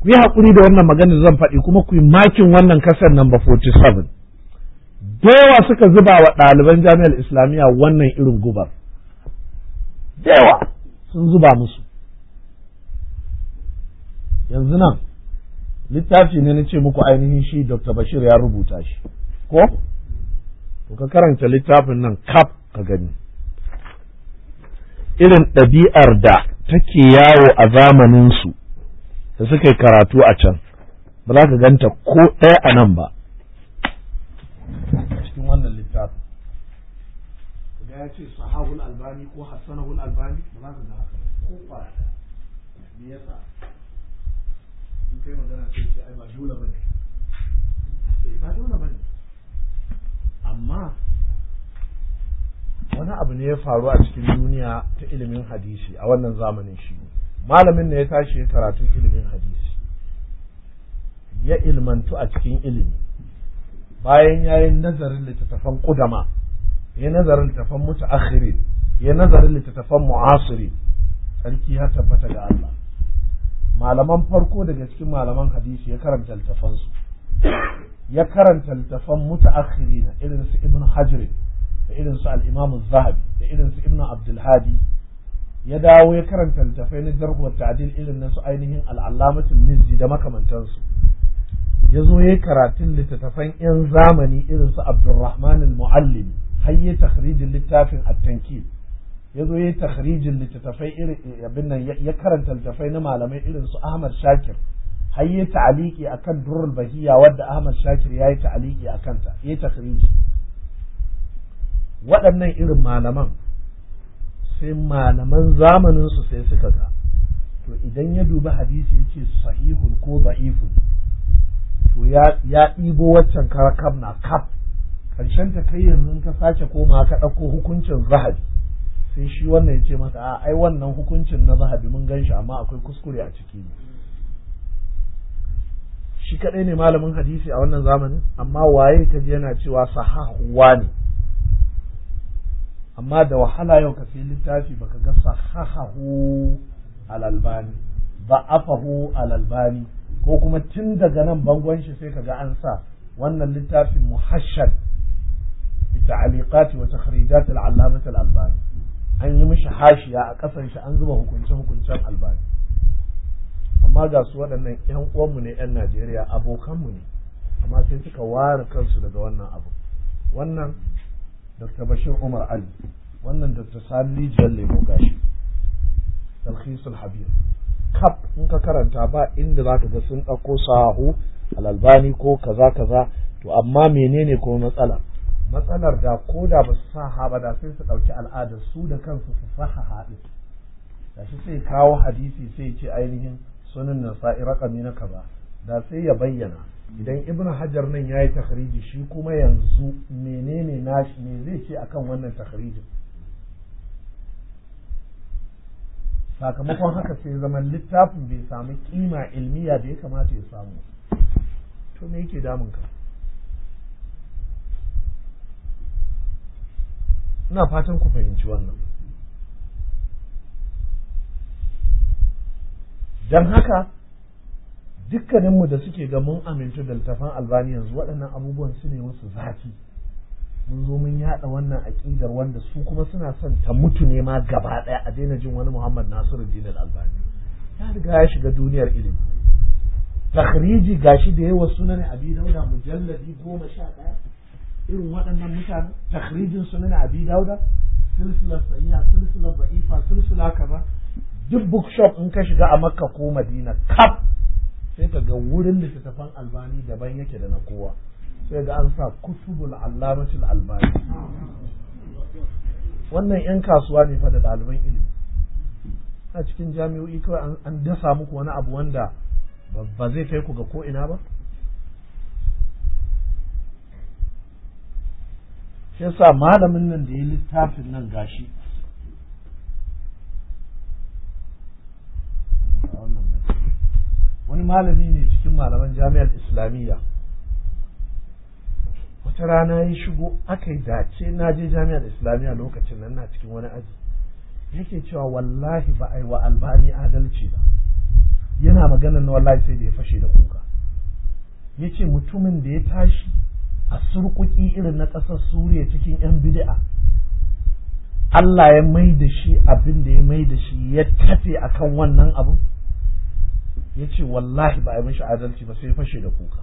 ku yi haƙuri da wannan maganar zan faɗi kuma ku yi makin wannan kasar namba 47 dewa suka zuba wa ɗaliban jami'ar islamiyya wannan irin gubar dewa sun zuba musu yanzu nan littafi ne na ce muku ainihin shi dr bashir ya rubuta shi ko to ka karanta littafin nan kaf ka gani irin ɗabi'ar da take yawo a zamaninsu da suka yi karatu a can ba za ka ganta ko ɗaya a nan ba cikin wannan littafin ya ce sahahul albani ko hassanahul albani dole ba ne eh, ba dole ba ne amma wani abu ne ya faru a cikin duniya ta ilimin hadisi a wannan zamanin shi malamin ne ya tashi ya karatu ilimin hadisi ya ilmantu a cikin ilimi bayan ya yi nazarin littattafan kudama ya nazarin littattafan mutu ya nazarin littattafan mu'asiri sarki ya tabbata ga Allah malaman farko daga cikin malaman hadisi ya karanta littafansu ya karanta littafan mutaakhirina irin su ibn hajar da irin su al-imam zahabi da irin su ibn abdul hadi ya dawo ya karanta littafai na jarh wa ta'dil irin na su ainihin al-allamatul da makamantansu ya zo ya karatun littattafan 'yan zamani irin su abdulrahman al-muallim har ya takhrijin littafin at-tankil ya zo ya yi takhrijin littattafai irin abin nan ya karanta littattafai na malamai irin su Ahmad Shakir har yi ta'aliki akan durrul bahiya wadda Ahmad Shakir ya yi ta'aliki a kanta ya yi takhriji waɗannan irin malaman sai malaman zamanin su sai suka ga to idan ya dubi hadisi ya ce sahihun ko da'ifun to ya ɗibo waccan karakam na kaf ƙarshen ta kai yanzu ka sace koma ka ɗauko hukuncin zahabi sai shi wannan ya ce masa a ai wannan hukuncin na zahabi mun gan shi amma akwai kuskure a ciki shi kadai ne malamin hadisi a wannan zamanin amma waye ka ji yana cewa sahahuwa ne amma da wahala yau ka sai littafi baka ga sahahu alalbani ba afahu alalbani ko kuma tun daga nan bangon shi sai ka ga an sa wannan littafin muhashshad bi ita wa takhrijat al-allamah al-albani an yi mishi hashiya a kasan shi an zuba hukunce hukuncen albani amma ga su waɗannan yan uwanmu ne yan najeriya abokan mu ne amma sai suka ware kansu daga wannan abu wannan dr bashir umar ali wannan dr sani rijiyar lemo gashi talhisul habir kaf in ka karanta ba inda za ka ga sun ɗauko sahu alalbani ko kaza kaza to amma menene ko matsala matsalar da ko da ba su saha ba da sai su ɗauki al'adar su da kansu su saha haɗu da shi sai kawo hadisi sai ce ainihin sunan na sa'i raƙami na kaza da sai ya bayyana idan ibn hajar nan ya yi shi kuma yanzu menene nashi ne zai ce akan wannan takhrijin sakamakon haka sai zaman littafin bai samu kima ilmiya da ya kamata ya samu to me yake damun ka ina fatan ku fahimci wannan don haka dukkaninmu da suke ga mun amintu da littafan albani yanzu waɗannan abubuwan su ne musu zafi mun zo mun yaɗa wannan aƙidar wanda su kuma suna son ta mutu ne ma gaba ɗaya a daina jin wani muhammad nasiru dinar albani ya riga ya shiga duniyar ilimi takhriji gashi da yawa sunan abi dauda mujalladi goma sha ɗaya irin waɗannan mutane takhrijin na abi dauda silsila sayya silsila ba'ifa silsila kaza duk bookshop in ka shiga a makka ko madina kap sai ka ga wurin littattafan albani daban yake da na kowa sai ga an sa kutubul allamatul albani wannan yan kasuwa ne fa da ɗaliban ilimi a cikin jami'o'i kawai an dasa muku wani abu wanda ba zai kai ku ga ko ina ba yasa malamin nan da ya littafin nan gashi wani malami ne cikin malaman jami'ar islamiyya wata rana ya shigo aka yi dace na je jami'ar islamiyya lokacin nan na cikin wani aji yake cewa wallahi ba a yi wa albani adalci ba yana maganar na wallahi sai da ya fashe da kuka ya ce mutumin da ya tashi a surkuki irin na ƙasar suriya cikin 'yan bid'a Allah ya mai da shi abin da ya mai da shi ya tafe kan wannan abin, ya ce wallahi ba a yi mashi adalci ba sai fashe da kuka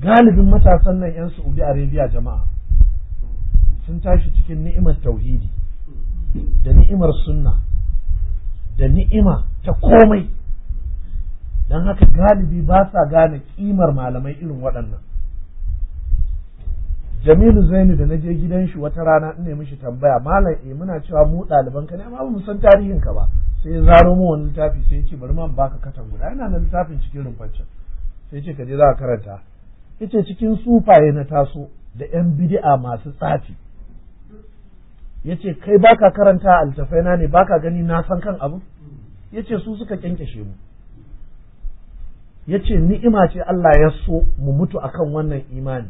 galibin matasan nan 'yan saudi arabia jama'a sun tashi cikin ni'imar tauhidi da ni'imar sunna da ni'ima ta komai don haka galibi ba sa gane kimar malamai irin waɗannan jamilu zainu da na je gidan shi wata rana in ne mishi tambaya malam eh muna cewa mu ɗaliban ka ne amma ba mu san tarihin ka ba sai ya zaro mu wani littafi sai ya ce bari ma baka katan guda Yana nan littafin cikin rumfancin sai ya ce ka je za ka karanta yace cikin sufaye na taso da yan bidi'a masu tsafi yace kai baka karanta a altafai na ne baka gani na san kan abu yace su suka kyankyashe mu yace ni'ima ce Allah ya so mu mutu akan wannan imani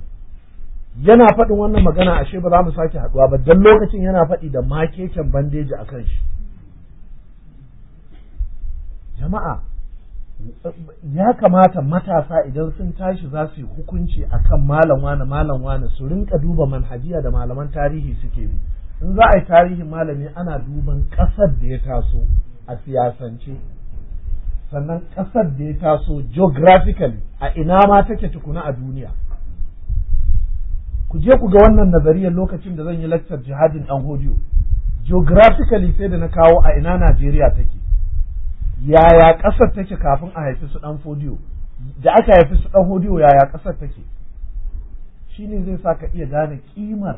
yana faɗin wannan magana ashe ba za mu sake haɗuwa ba don lokacin yana faɗi da makeken bandeji a kan shi jama'a ya kamata matasa idan sun tashi za su yi hukunci akan malam wane malam wane su rinka duba manhajiya da malaman tarihi suke bi in za a yi tarihin malami ana duban ƙasar da ya taso a siyasance sannan ƙasar da ya taso geographically a ina ma take tukuna a duniya ku je ku ga wannan nazariyar lokacin da zan yi laccar jihadin dan hodiyo geographically sai da na kawo a ina Najeriya take yaya ƙasar take kafin a haifi su dan hodiyo da aka haifi su dan hodiyo yaya ƙasar take shine zai sa ka iya gane kimar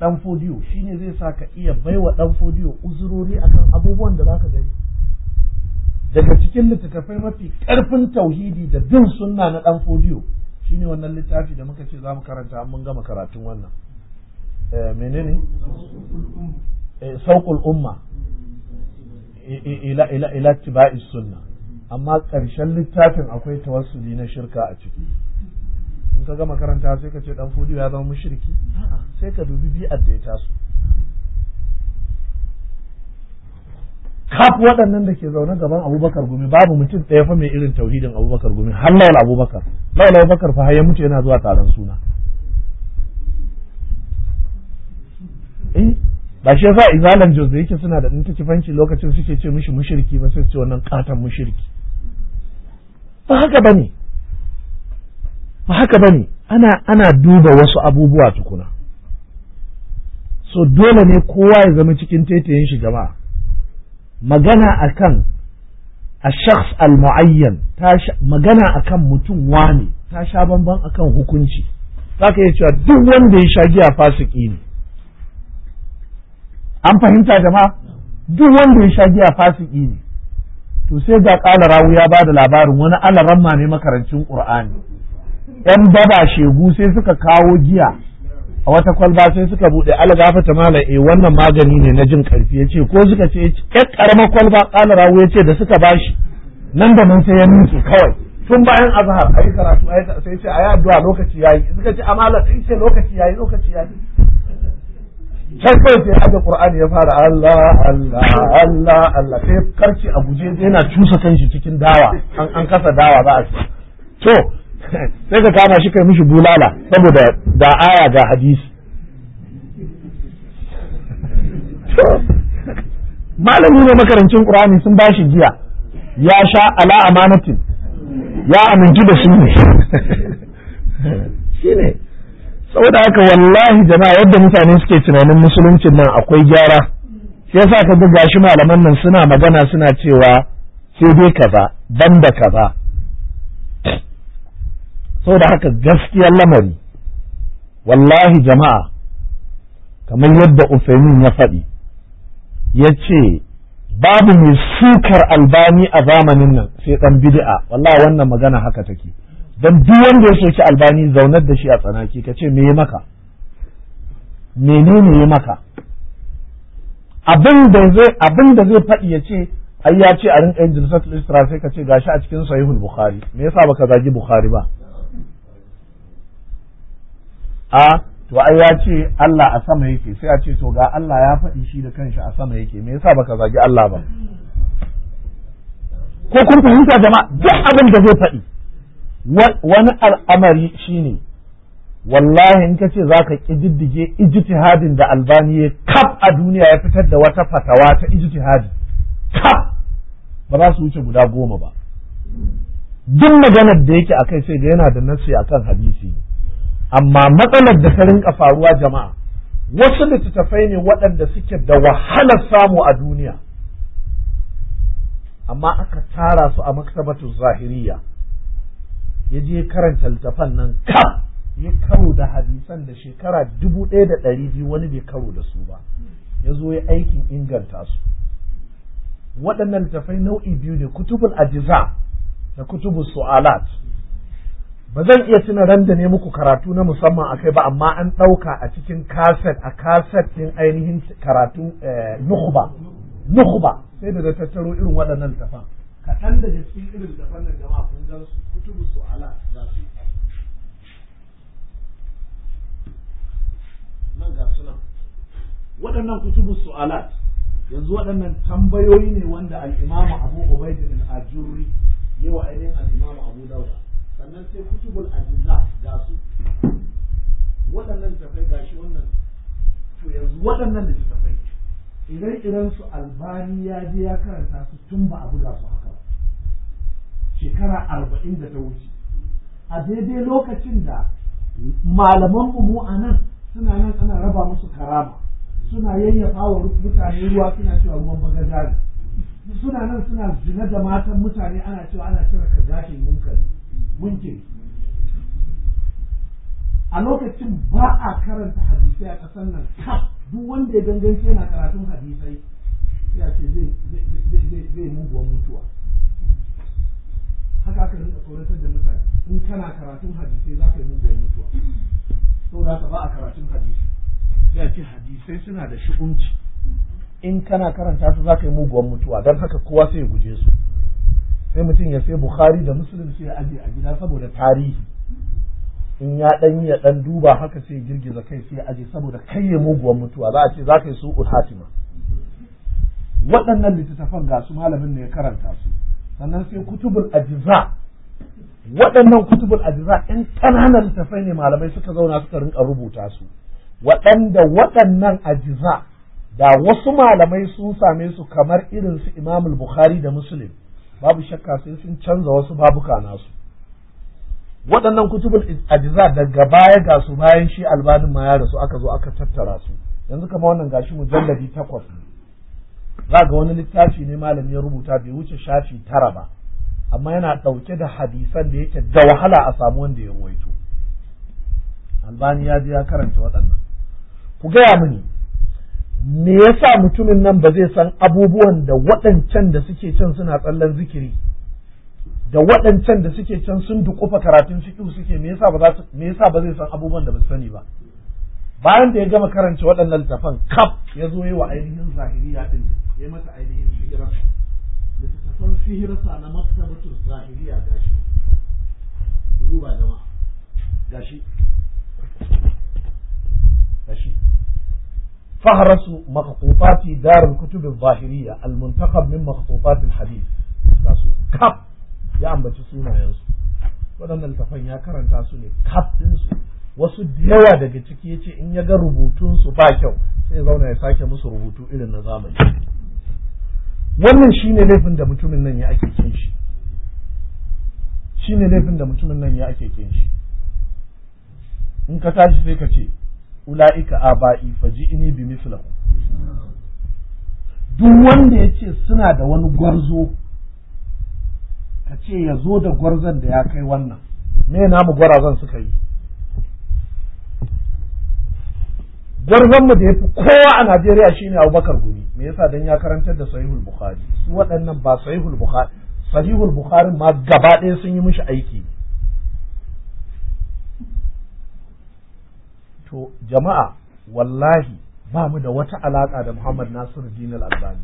dan Shi shine zai sa ka iya baiwa dan hodiyo uzurori akan abubuwan da zaka gani daga cikin littattafai mafi ƙarfin tauhidi da bin sunna na ɗan fodiyo shine wannan littafi da muka ce za mu karanta mun gama karatun wannan eh, menene eh, Saukul umma ila tibai sunna amma ƙarshen littafin akwai tawassuli na shirka a ciki in ka gama karanta sai ka ce dan fodiyo ya zama mushriki sai ka dubi bi'ar da ya taso kaf waɗannan da ke zaune gaban abubakar gumi babu mutum ɗaya fa mai irin tauhidin abubakar gumi har laula abubakar laula abubakar fa ya mutu yana zuwa taron suna eh ba shi yasa izalan jose yake suna da ɗin kifanci lokacin suke ce mishi mushirki ba sai su ce wannan katon mushirki ba haka ba ne, ba haka ba ana ana duba wasu abubuwa tukuna so dole ne kowa ya zama cikin taitayin shi jama'a magana akan mu'ayyan المعين magana akan mutum wane ta sha bamban akan hukunci zaka iya cewa duk wanda ya sha giya fasiki ne an fahimta jama'a duk wanda ya sha giya fasiki ne to sai ga kala rawu ya ba da labarin wani alaramma ne makarancin qur'ani yan baba shegu sai suka kawo giya a wata kwalba sai suka bude ta malam eh wannan magani ne na jin karfi yace ko suka ce ƴar karamar kwalba kana rawu yace da suka bashi nan da nan sai ya nuke kawai tun bayan azhar ayi karatu ayi sai ce ayi addu'a lokaci yayi suka ce amala sai ce lokaci yayi lokaci yayi sai kawai sai haka qur'ani ya fara Allah Allah Allah Allah sai karci a guje yana cusa kanshi cikin dawa an kasa dawa ba a to sai ka kama shi kai mishi bulala saboda da aya ga hadisi malami ne makarancin qur'ani sun bashi jiya ya sha ala amanatin ya aminci da su shine saboda haka wallahi jama'a yadda mutane suke tunanin musuluncin nan akwai gyara shi yasa ka ga gashi malaman nan suna magana suna cewa sai dai kaza banda kaza Sau da haka gaskiyar lamari wallahi jama'a kamar yadda Usaimin ya faɗi ya ce babu mai sukar albani a zamanin nan sai ɗan bid'a wallahi wannan magana haka take don duk wanda ya soki albani zaunar da shi a tsanaki ka ce me yi maka menene ya maka abin da zai faɗi ya ce ai ya ce a rinka yin jilsatul sai ka ce gashi a cikin sahihul bukhari me yasa baka zagi bukhari ba a to ai ya ce Allah a sama yake sai a ce to ga Allah ya faɗi shi da kanshi a sama yake me yasa baka zagi Allah ba ko kun fahimta jama'a duk abin da zai faɗi wani al'amari shine wallahi in ka ce za ka ƙididdige ijtihadin da albani ya kaf a duniya ya fitar da wata fatawa ta ijtihadi kaf ba za su wuce guda goma ba duk maganar da yake akai sai da yana da nassi akan hadisi amma matsalar da ta rinka faruwa jama'a wasu littattafai ne waɗanda suke da wahalar samu a duniya amma aka tara su a maktabatu zahiriya ya je karanta littafan nan ka ya karo da hadisan da shekara dubu ɗaya da ɗari biyu wani bai karo da su ba ya zo ya aikin inganta su waɗannan littafai nau'i biyu ne kutubul ajiza da kutubul su'alat ba zan iya tuna ran da ne muku karatu na musamman a kai ba amma an ɗauka a cikin kaset a kaset ɗin ainihin karatu eh, nukuba nukuba sai da da tattaro irin waɗannan tafan kaɗan da cikin irin tafan nan jama'a kun gan su kutubu su ala da su nan ga sunan waɗannan kutubu su ala yanzu waɗannan tambayoyi ne wanda al'imamu abu ubaidin al'ajuri yi wa ainihin al'imamu abu dauda sannan sai kutubul ajiza ga su waɗannan tafai ga shi wannan to yanzu waɗannan da tafai idan idan su albani ya je ya karanta su tun ba a buga su haka ba shekara arba'in da ta wuce a daidai lokacin da malaman mu a nan suna nan ana raba musu karama suna yayyafa wa mutane ruwa suna cewa ruwan bagajari suna nan suna zina da matan mutane ana cewa ana cire ka gashin munkari munkin a lokacin ba a karanta hadisai a ƙasar nan duk wanda ya ganganci yana karatun hadisai ya ce zai muguwan mutuwa haka aka rinka tsoratar da mutane in kana karatun hadisai za ka yi muguwan mutuwa saboda ka ba a karatun hadisai, ya ce hadisai suna da shi'unci in kana karanta su za ka yi muguwan mutuwa don haka kowa sai ya guje su sai mutum ya sai bukhari da muslim sai ya ajiye a gida saboda tarihi in ya dan ya dan duba haka sai girgiza kai sai ya ajiye saboda kai ya muguwar mutuwa za a ce za ka yi su'ul hatima waɗannan littattafan ga su malamin ne ya karanta su sannan sai kutubul ajiza waɗannan kutubul ajiza in ƙananan littattafai ne malamai suka zauna suka rinka rubuta su waɗanda waɗannan ajiza da wasu malamai sun same su kamar irin su imamul Bukhari da Muslim babu shakka sai sun canza wasu babuka nasu waɗannan kutubul ajiza daga baya ga su bayan shi albanin ma ya rasu aka zo aka tattara su yanzu kama wannan gashi mujalladi takwas ne za ga wani littafi ne malam ya rubuta bai wuce shafi tara ba amma yana ɗauke da hadisan da yake da wahala a samu wanda ya ruwaito albani ya je ya karanta waɗannan ku gaya mini me yasa mutumin nan ba zai san abubuwan da waɗancan da suke can suna tsallan zikiri da waɗancan da suke can sun dukufa karatun fiqh suke me yasa ba zai san abubuwan da ba sani ba bayan da ya gama karanta waɗannan littafan kaf ya zo yi wa ainihin zahiri ya ɗin ya mata ainihin sihira littafan sihirsa na maktabatu zahiriya gashi duba jama'a gashi gashi فهرس مخطوطات دار الكتب الظاهرية المنتخب من مخطوطات الحديث كاب يا أم بتسونا يا waɗannan littafan ya karanta su ne kaf ɗinsu wasu da daga ciki ya ce in ya ga rubutunsu ba kyau sai ya zauna ya sake musu rubutu irin na zamani wannan shi ne laifin nan shi ne laifin da mutumin nan ya ake kin in ka tashi sai ka ce ula'ika aba'i faji'ini bi mislahu duk wanda ya ce suna da wani gwarzo ka ce ya zo da gwarzon da ya kai wannan me namu zan suka yi gwarzonmu da ya fi kowa a Najeriya shine Abubakar Gumi me yasa dan ya karantar da Sahihul Bukhari su waɗannan ba Sahihul Bukhari Sahihul Bukhari ma gaba ɗaya sun yi mishi aiki to jama'a wallahi ba mu da wata alaƙa da Muhammad Nasiru Dinal Albani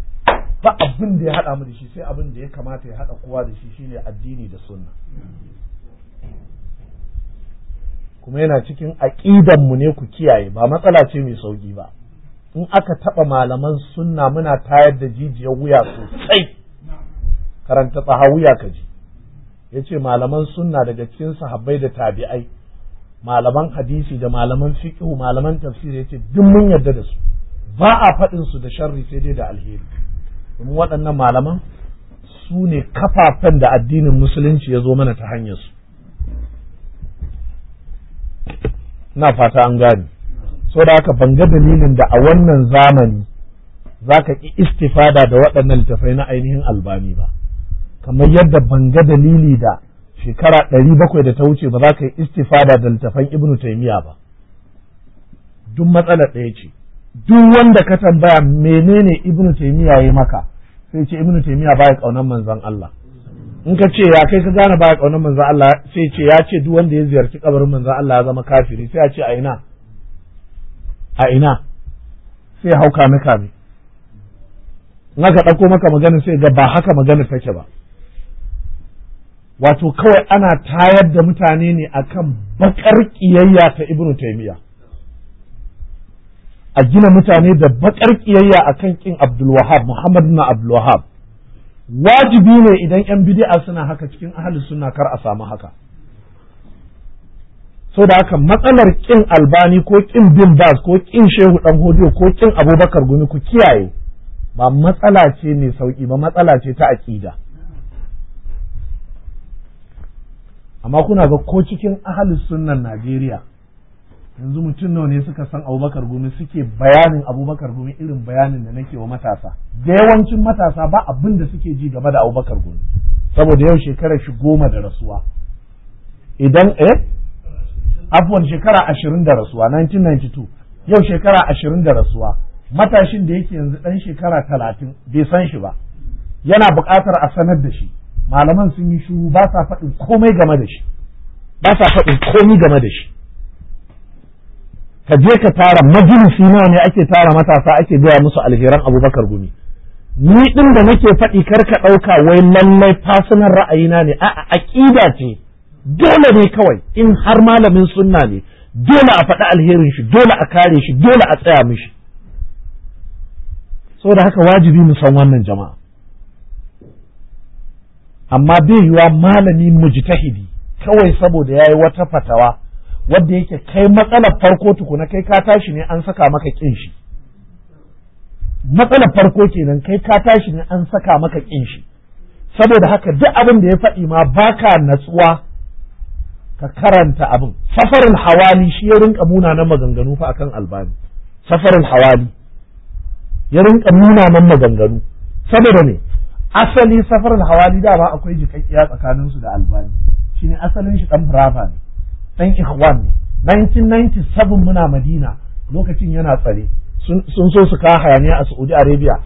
ba abin da ya haɗa mu da shi sai abin da ya kamata ya haɗa kowa da shi shine addini da sunna kuma yana cikin aqidan mu ne ku kiyaye ba matsala ce mai sauki ba in aka taɓa malaman sunna muna tayar da jijiyar wuya sosai karanta tsaha wuya ka ji ya ce malaman sunna daga cikin sahabbai da tabi'ai malaman hadisi da malaman fiqh malaman tafsir yace duk mun yarda da su ba a faɗin su da sharri sai dai da alheri domin waɗannan malaman su ne kafafen da addinin musulunci ya zo mana ta hanyar su na fata an gane so da haka ban ga dalilin da a wannan zamani za ka ƙi istifada da waɗannan littafai na ainihin albani ba kamar yadda ban ga dalili da shekara ɗari bakwai da ta wuce ba za ka yi istifada da littafan ibnu taimiya ba duk matsala ɗaya ce duk wanda ka tambaya menene ibnu taimiya ya maka sai ce ibnu taimiya baya kaunar manzon Allah in ka ce ya kai ka gane baya kaunar manzon Allah sai ce ya ce duk wanda ya ziyarci kabarin manzon Allah ya zama kafiri sai ya ce a ina a ina sai hauka na kame in aka ɗauko maka maganin sai ga ba haka maganar take ba wato kawai ana tayar da mutane ne akan bakar ƙiyayya ta ibnu taimiyya a gina mutane da bakar ƙiyayya akan kin abdulwahab muhammad na abdulwahab wajibi ne idan yan bidi'a suna haka cikin ahali suna kar a samu haka so da haka matsalar ƙin albani ko ƙin bin bas ko ƙin shehu ɗan hodiyo ko ƙin abubakar gumi ku kiyaye ba matsala ce mai sauƙi ba matsala ce ta aƙida. amma kuna ga ko cikin ahalin sunnan Najeriya yanzu mutum nawa ne suka san abubakar gumi suke bayanin abubakar gumi irin bayanin da nake wa matasa da yawancin matasa ba abin da suke ji gaba da abubakar gumi saboda yau shekarar shi goma da rasuwa idan eh abuwan shekara ashirin da rasuwa 1992 yau shekara ashirin da rasuwa matashin da yake yanzu dan shekara talatin bai san shi ba yana buƙatar a sanar da shi malaman sun yi shuru ba sa faɗin komai game da shi ba sa faɗin komai game da shi ka je ka tara majalisi nawa ne ake tara matasa ake gaya musu alheran abubakar gumi ni ɗin da nake faɗi kar ka ɗauka wai lallai fasinan ra'ayina ne a'a aƙida ce dole ne kawai in har malamin sunna ne dole a faɗi alherin shi dole a kare shi dole a tsaya mishi da haka wajibi mu san wannan jama'a amma bai yiwa malami mujtahidi kawai saboda yayi wata fatawa wadda yake kai matsalar farko tukuna kai ka tashi ne an saka maka kin shi matsalar farko kenan kai ka tashi ne an saka maka kin shi saboda haka duk abin da ya faɗi ma baka natsuwa ka karanta abin safarin hawali shi ya rinka munanan maganganu fa akan albani safarin hawali ya rinka munanan maganganu saboda ne asali safar hawali dama akwai jikakkiya tsakanin su da albani shine asalin shi dan brava ne dan ikhwan ne 1997 muna madina lokacin yana tsare sun so su kawo hayaniya a saudi arabia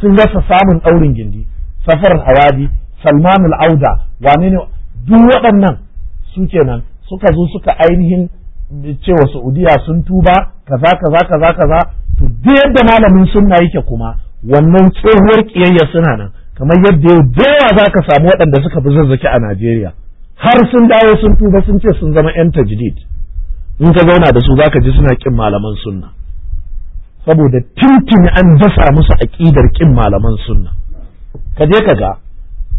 sun rasa samun daurin gindi safar hawali salman auda wane ne duk waɗannan su kenan suka zo suka ainihin cewa saudiya sun tuba kaza kaza kaza kaza to duk yadda malamin sunna yake kuma wannan tsohuwar kiyayya suna nan kamar yadda yau da yawa za ka samu waɗanda suka fi zazzaki a Najeriya har sun dawo sun tuba sun ce sun zama 'yan tajdid in ka zauna da su za ka ji suna ƙin malaman sunna saboda tintin an dasa musu aƙidar ƙin malaman sunna ka je ka ga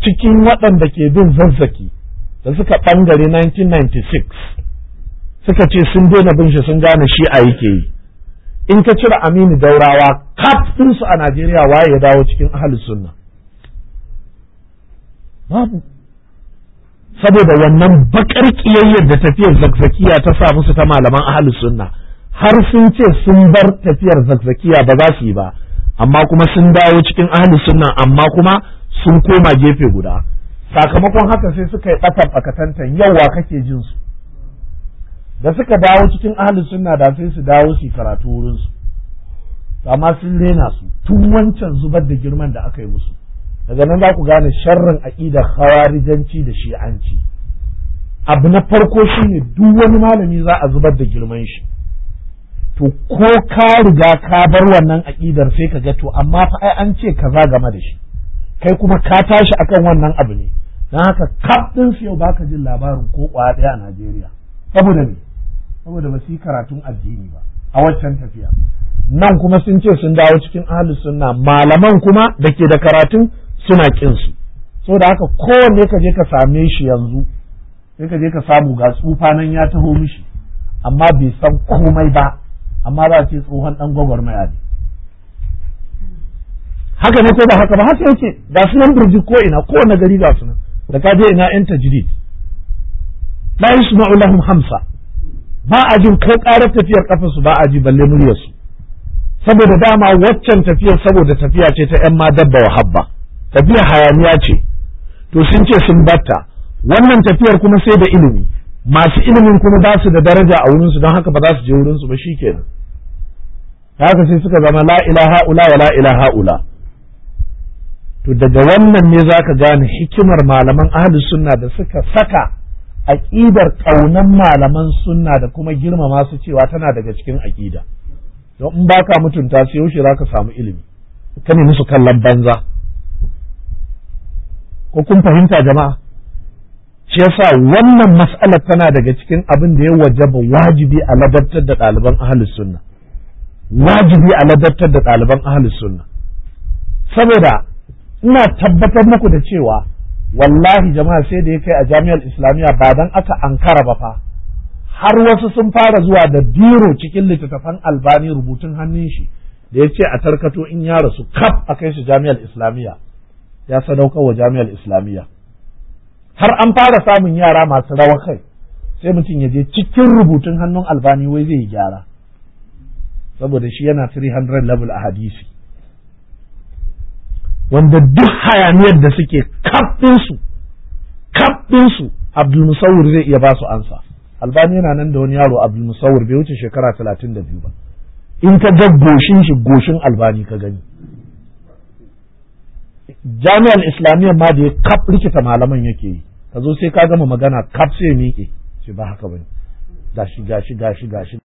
cikin waɗanda ke bin zazzaki da suka bangare 1996 suka ce sun daina bin shi sun gane shi a yake yi in ka cire aminu daurawa kaf a najeriya waye ya dawo cikin ahli sunna babu saboda wannan bakar kiyayyar da tafiyar zakzakiya ta sa musu ta malaman ahli sunna har sun ce sun bar tafiyar zakzakiya ba za su yi ba amma kuma sun dawo cikin ahli sunna amma kuma sun koma gefe guda sakamakon haka sai suka yi ɓatan yau wa kake jin su da suka dawo cikin ahalin sunna da sai su dawo su karatu wurin su amma sun rena su tun wancan zubar da girman da aka yi musu daga nan za ku gane sharrin aqidar hawarijanci da shi'anci abu na farko shine duk wani malami za a zubar da girman shi to ko ka riga ka bar wannan aƙidar sai ka ga to amma fa ai an ce kaza game da shi kai kuma ka tashi akan wannan abu ne don haka kaf su yau baka jin labarin ko ɗaya a Najeriya saboda ne saboda ba su yi karatun addini ba a waccan tafiya nan kuma sun ce sun dawo cikin ahalin sunna malaman kuma da ke da karatun suna kin su saboda haka kowanne ka je ka same shi yanzu sai ka je ka samu ga tsufa nan ya taho mishi amma bai san komai ba amma ba a ce tsohon dan gwagwarmaya ne haka ne ko ba haka ba haka yake ga su nan birji ko ina kowane gari ga su nan da ka je ina yan tajrid la yasma'u lahum hamsa ba a jin ko ƙara tafiyar kafarsu ba a ji balle muryarsu saboda dama waccan tafiyar saboda tafiya ce ta ‘yan ma dabba wa habba tafiya hayaniya ce to sun ce sun batta wannan tafiyar kuma sai da ilimi masu ilimin kuma ba su da daraja a wurinsu don haka ba za su je wurinsu ba shi kenan haka sai suka zama la ilaha ula wa la ilaha ula to daga wannan ne za ka gane hikimar malaman ahli sunna da suka saka aƙidar ƙaunar malaman sunna da kuma girmama su cewa tana daga cikin aƙida don in baka mutunta su yaushe za ka samu ilimi ka ne musu kallon banza ko kun fahimta jama'a shi yasa wannan mas'alar tana daga cikin abin da ya wajaba wajibi a ladabtar da ɗaliban ahlus sunna wajibi a ladabtar da ɗaliban ahlus sunna saboda ina tabbatar muku da cewa wallahi jama'a sai da ya kai a jami'ar islamiyya ba dan aka ankara ba fa har wasu sun fara zuwa da biro cikin littattafan albani rubutun hannun shi da ya ce a tarkato in ya rasu kaf a kai shi jami'ar islamiyya ya sadaukar wa jami'ar islamiyya har an fara samun yara masu rawa kai sai mutum ya je cikin rubutun hannun albani wai zai gyara saboda shi yana 300 level a hadisi wanda duk hayaniyar da suke kaɓinsu Abdul abdulmusawur zai iya ba su ansa albani yana nan da wani yaro abdulmusawur bai wuce shekara talatin da biyu ba in ka ga goshin shi goshin albani ka gani jami'ar islamiyyar ma da ya kaf rikita malaman yake yi ka zo sai ka gama magana kaf sai miƙe ce ba haka bane gashi gashi gashi gashi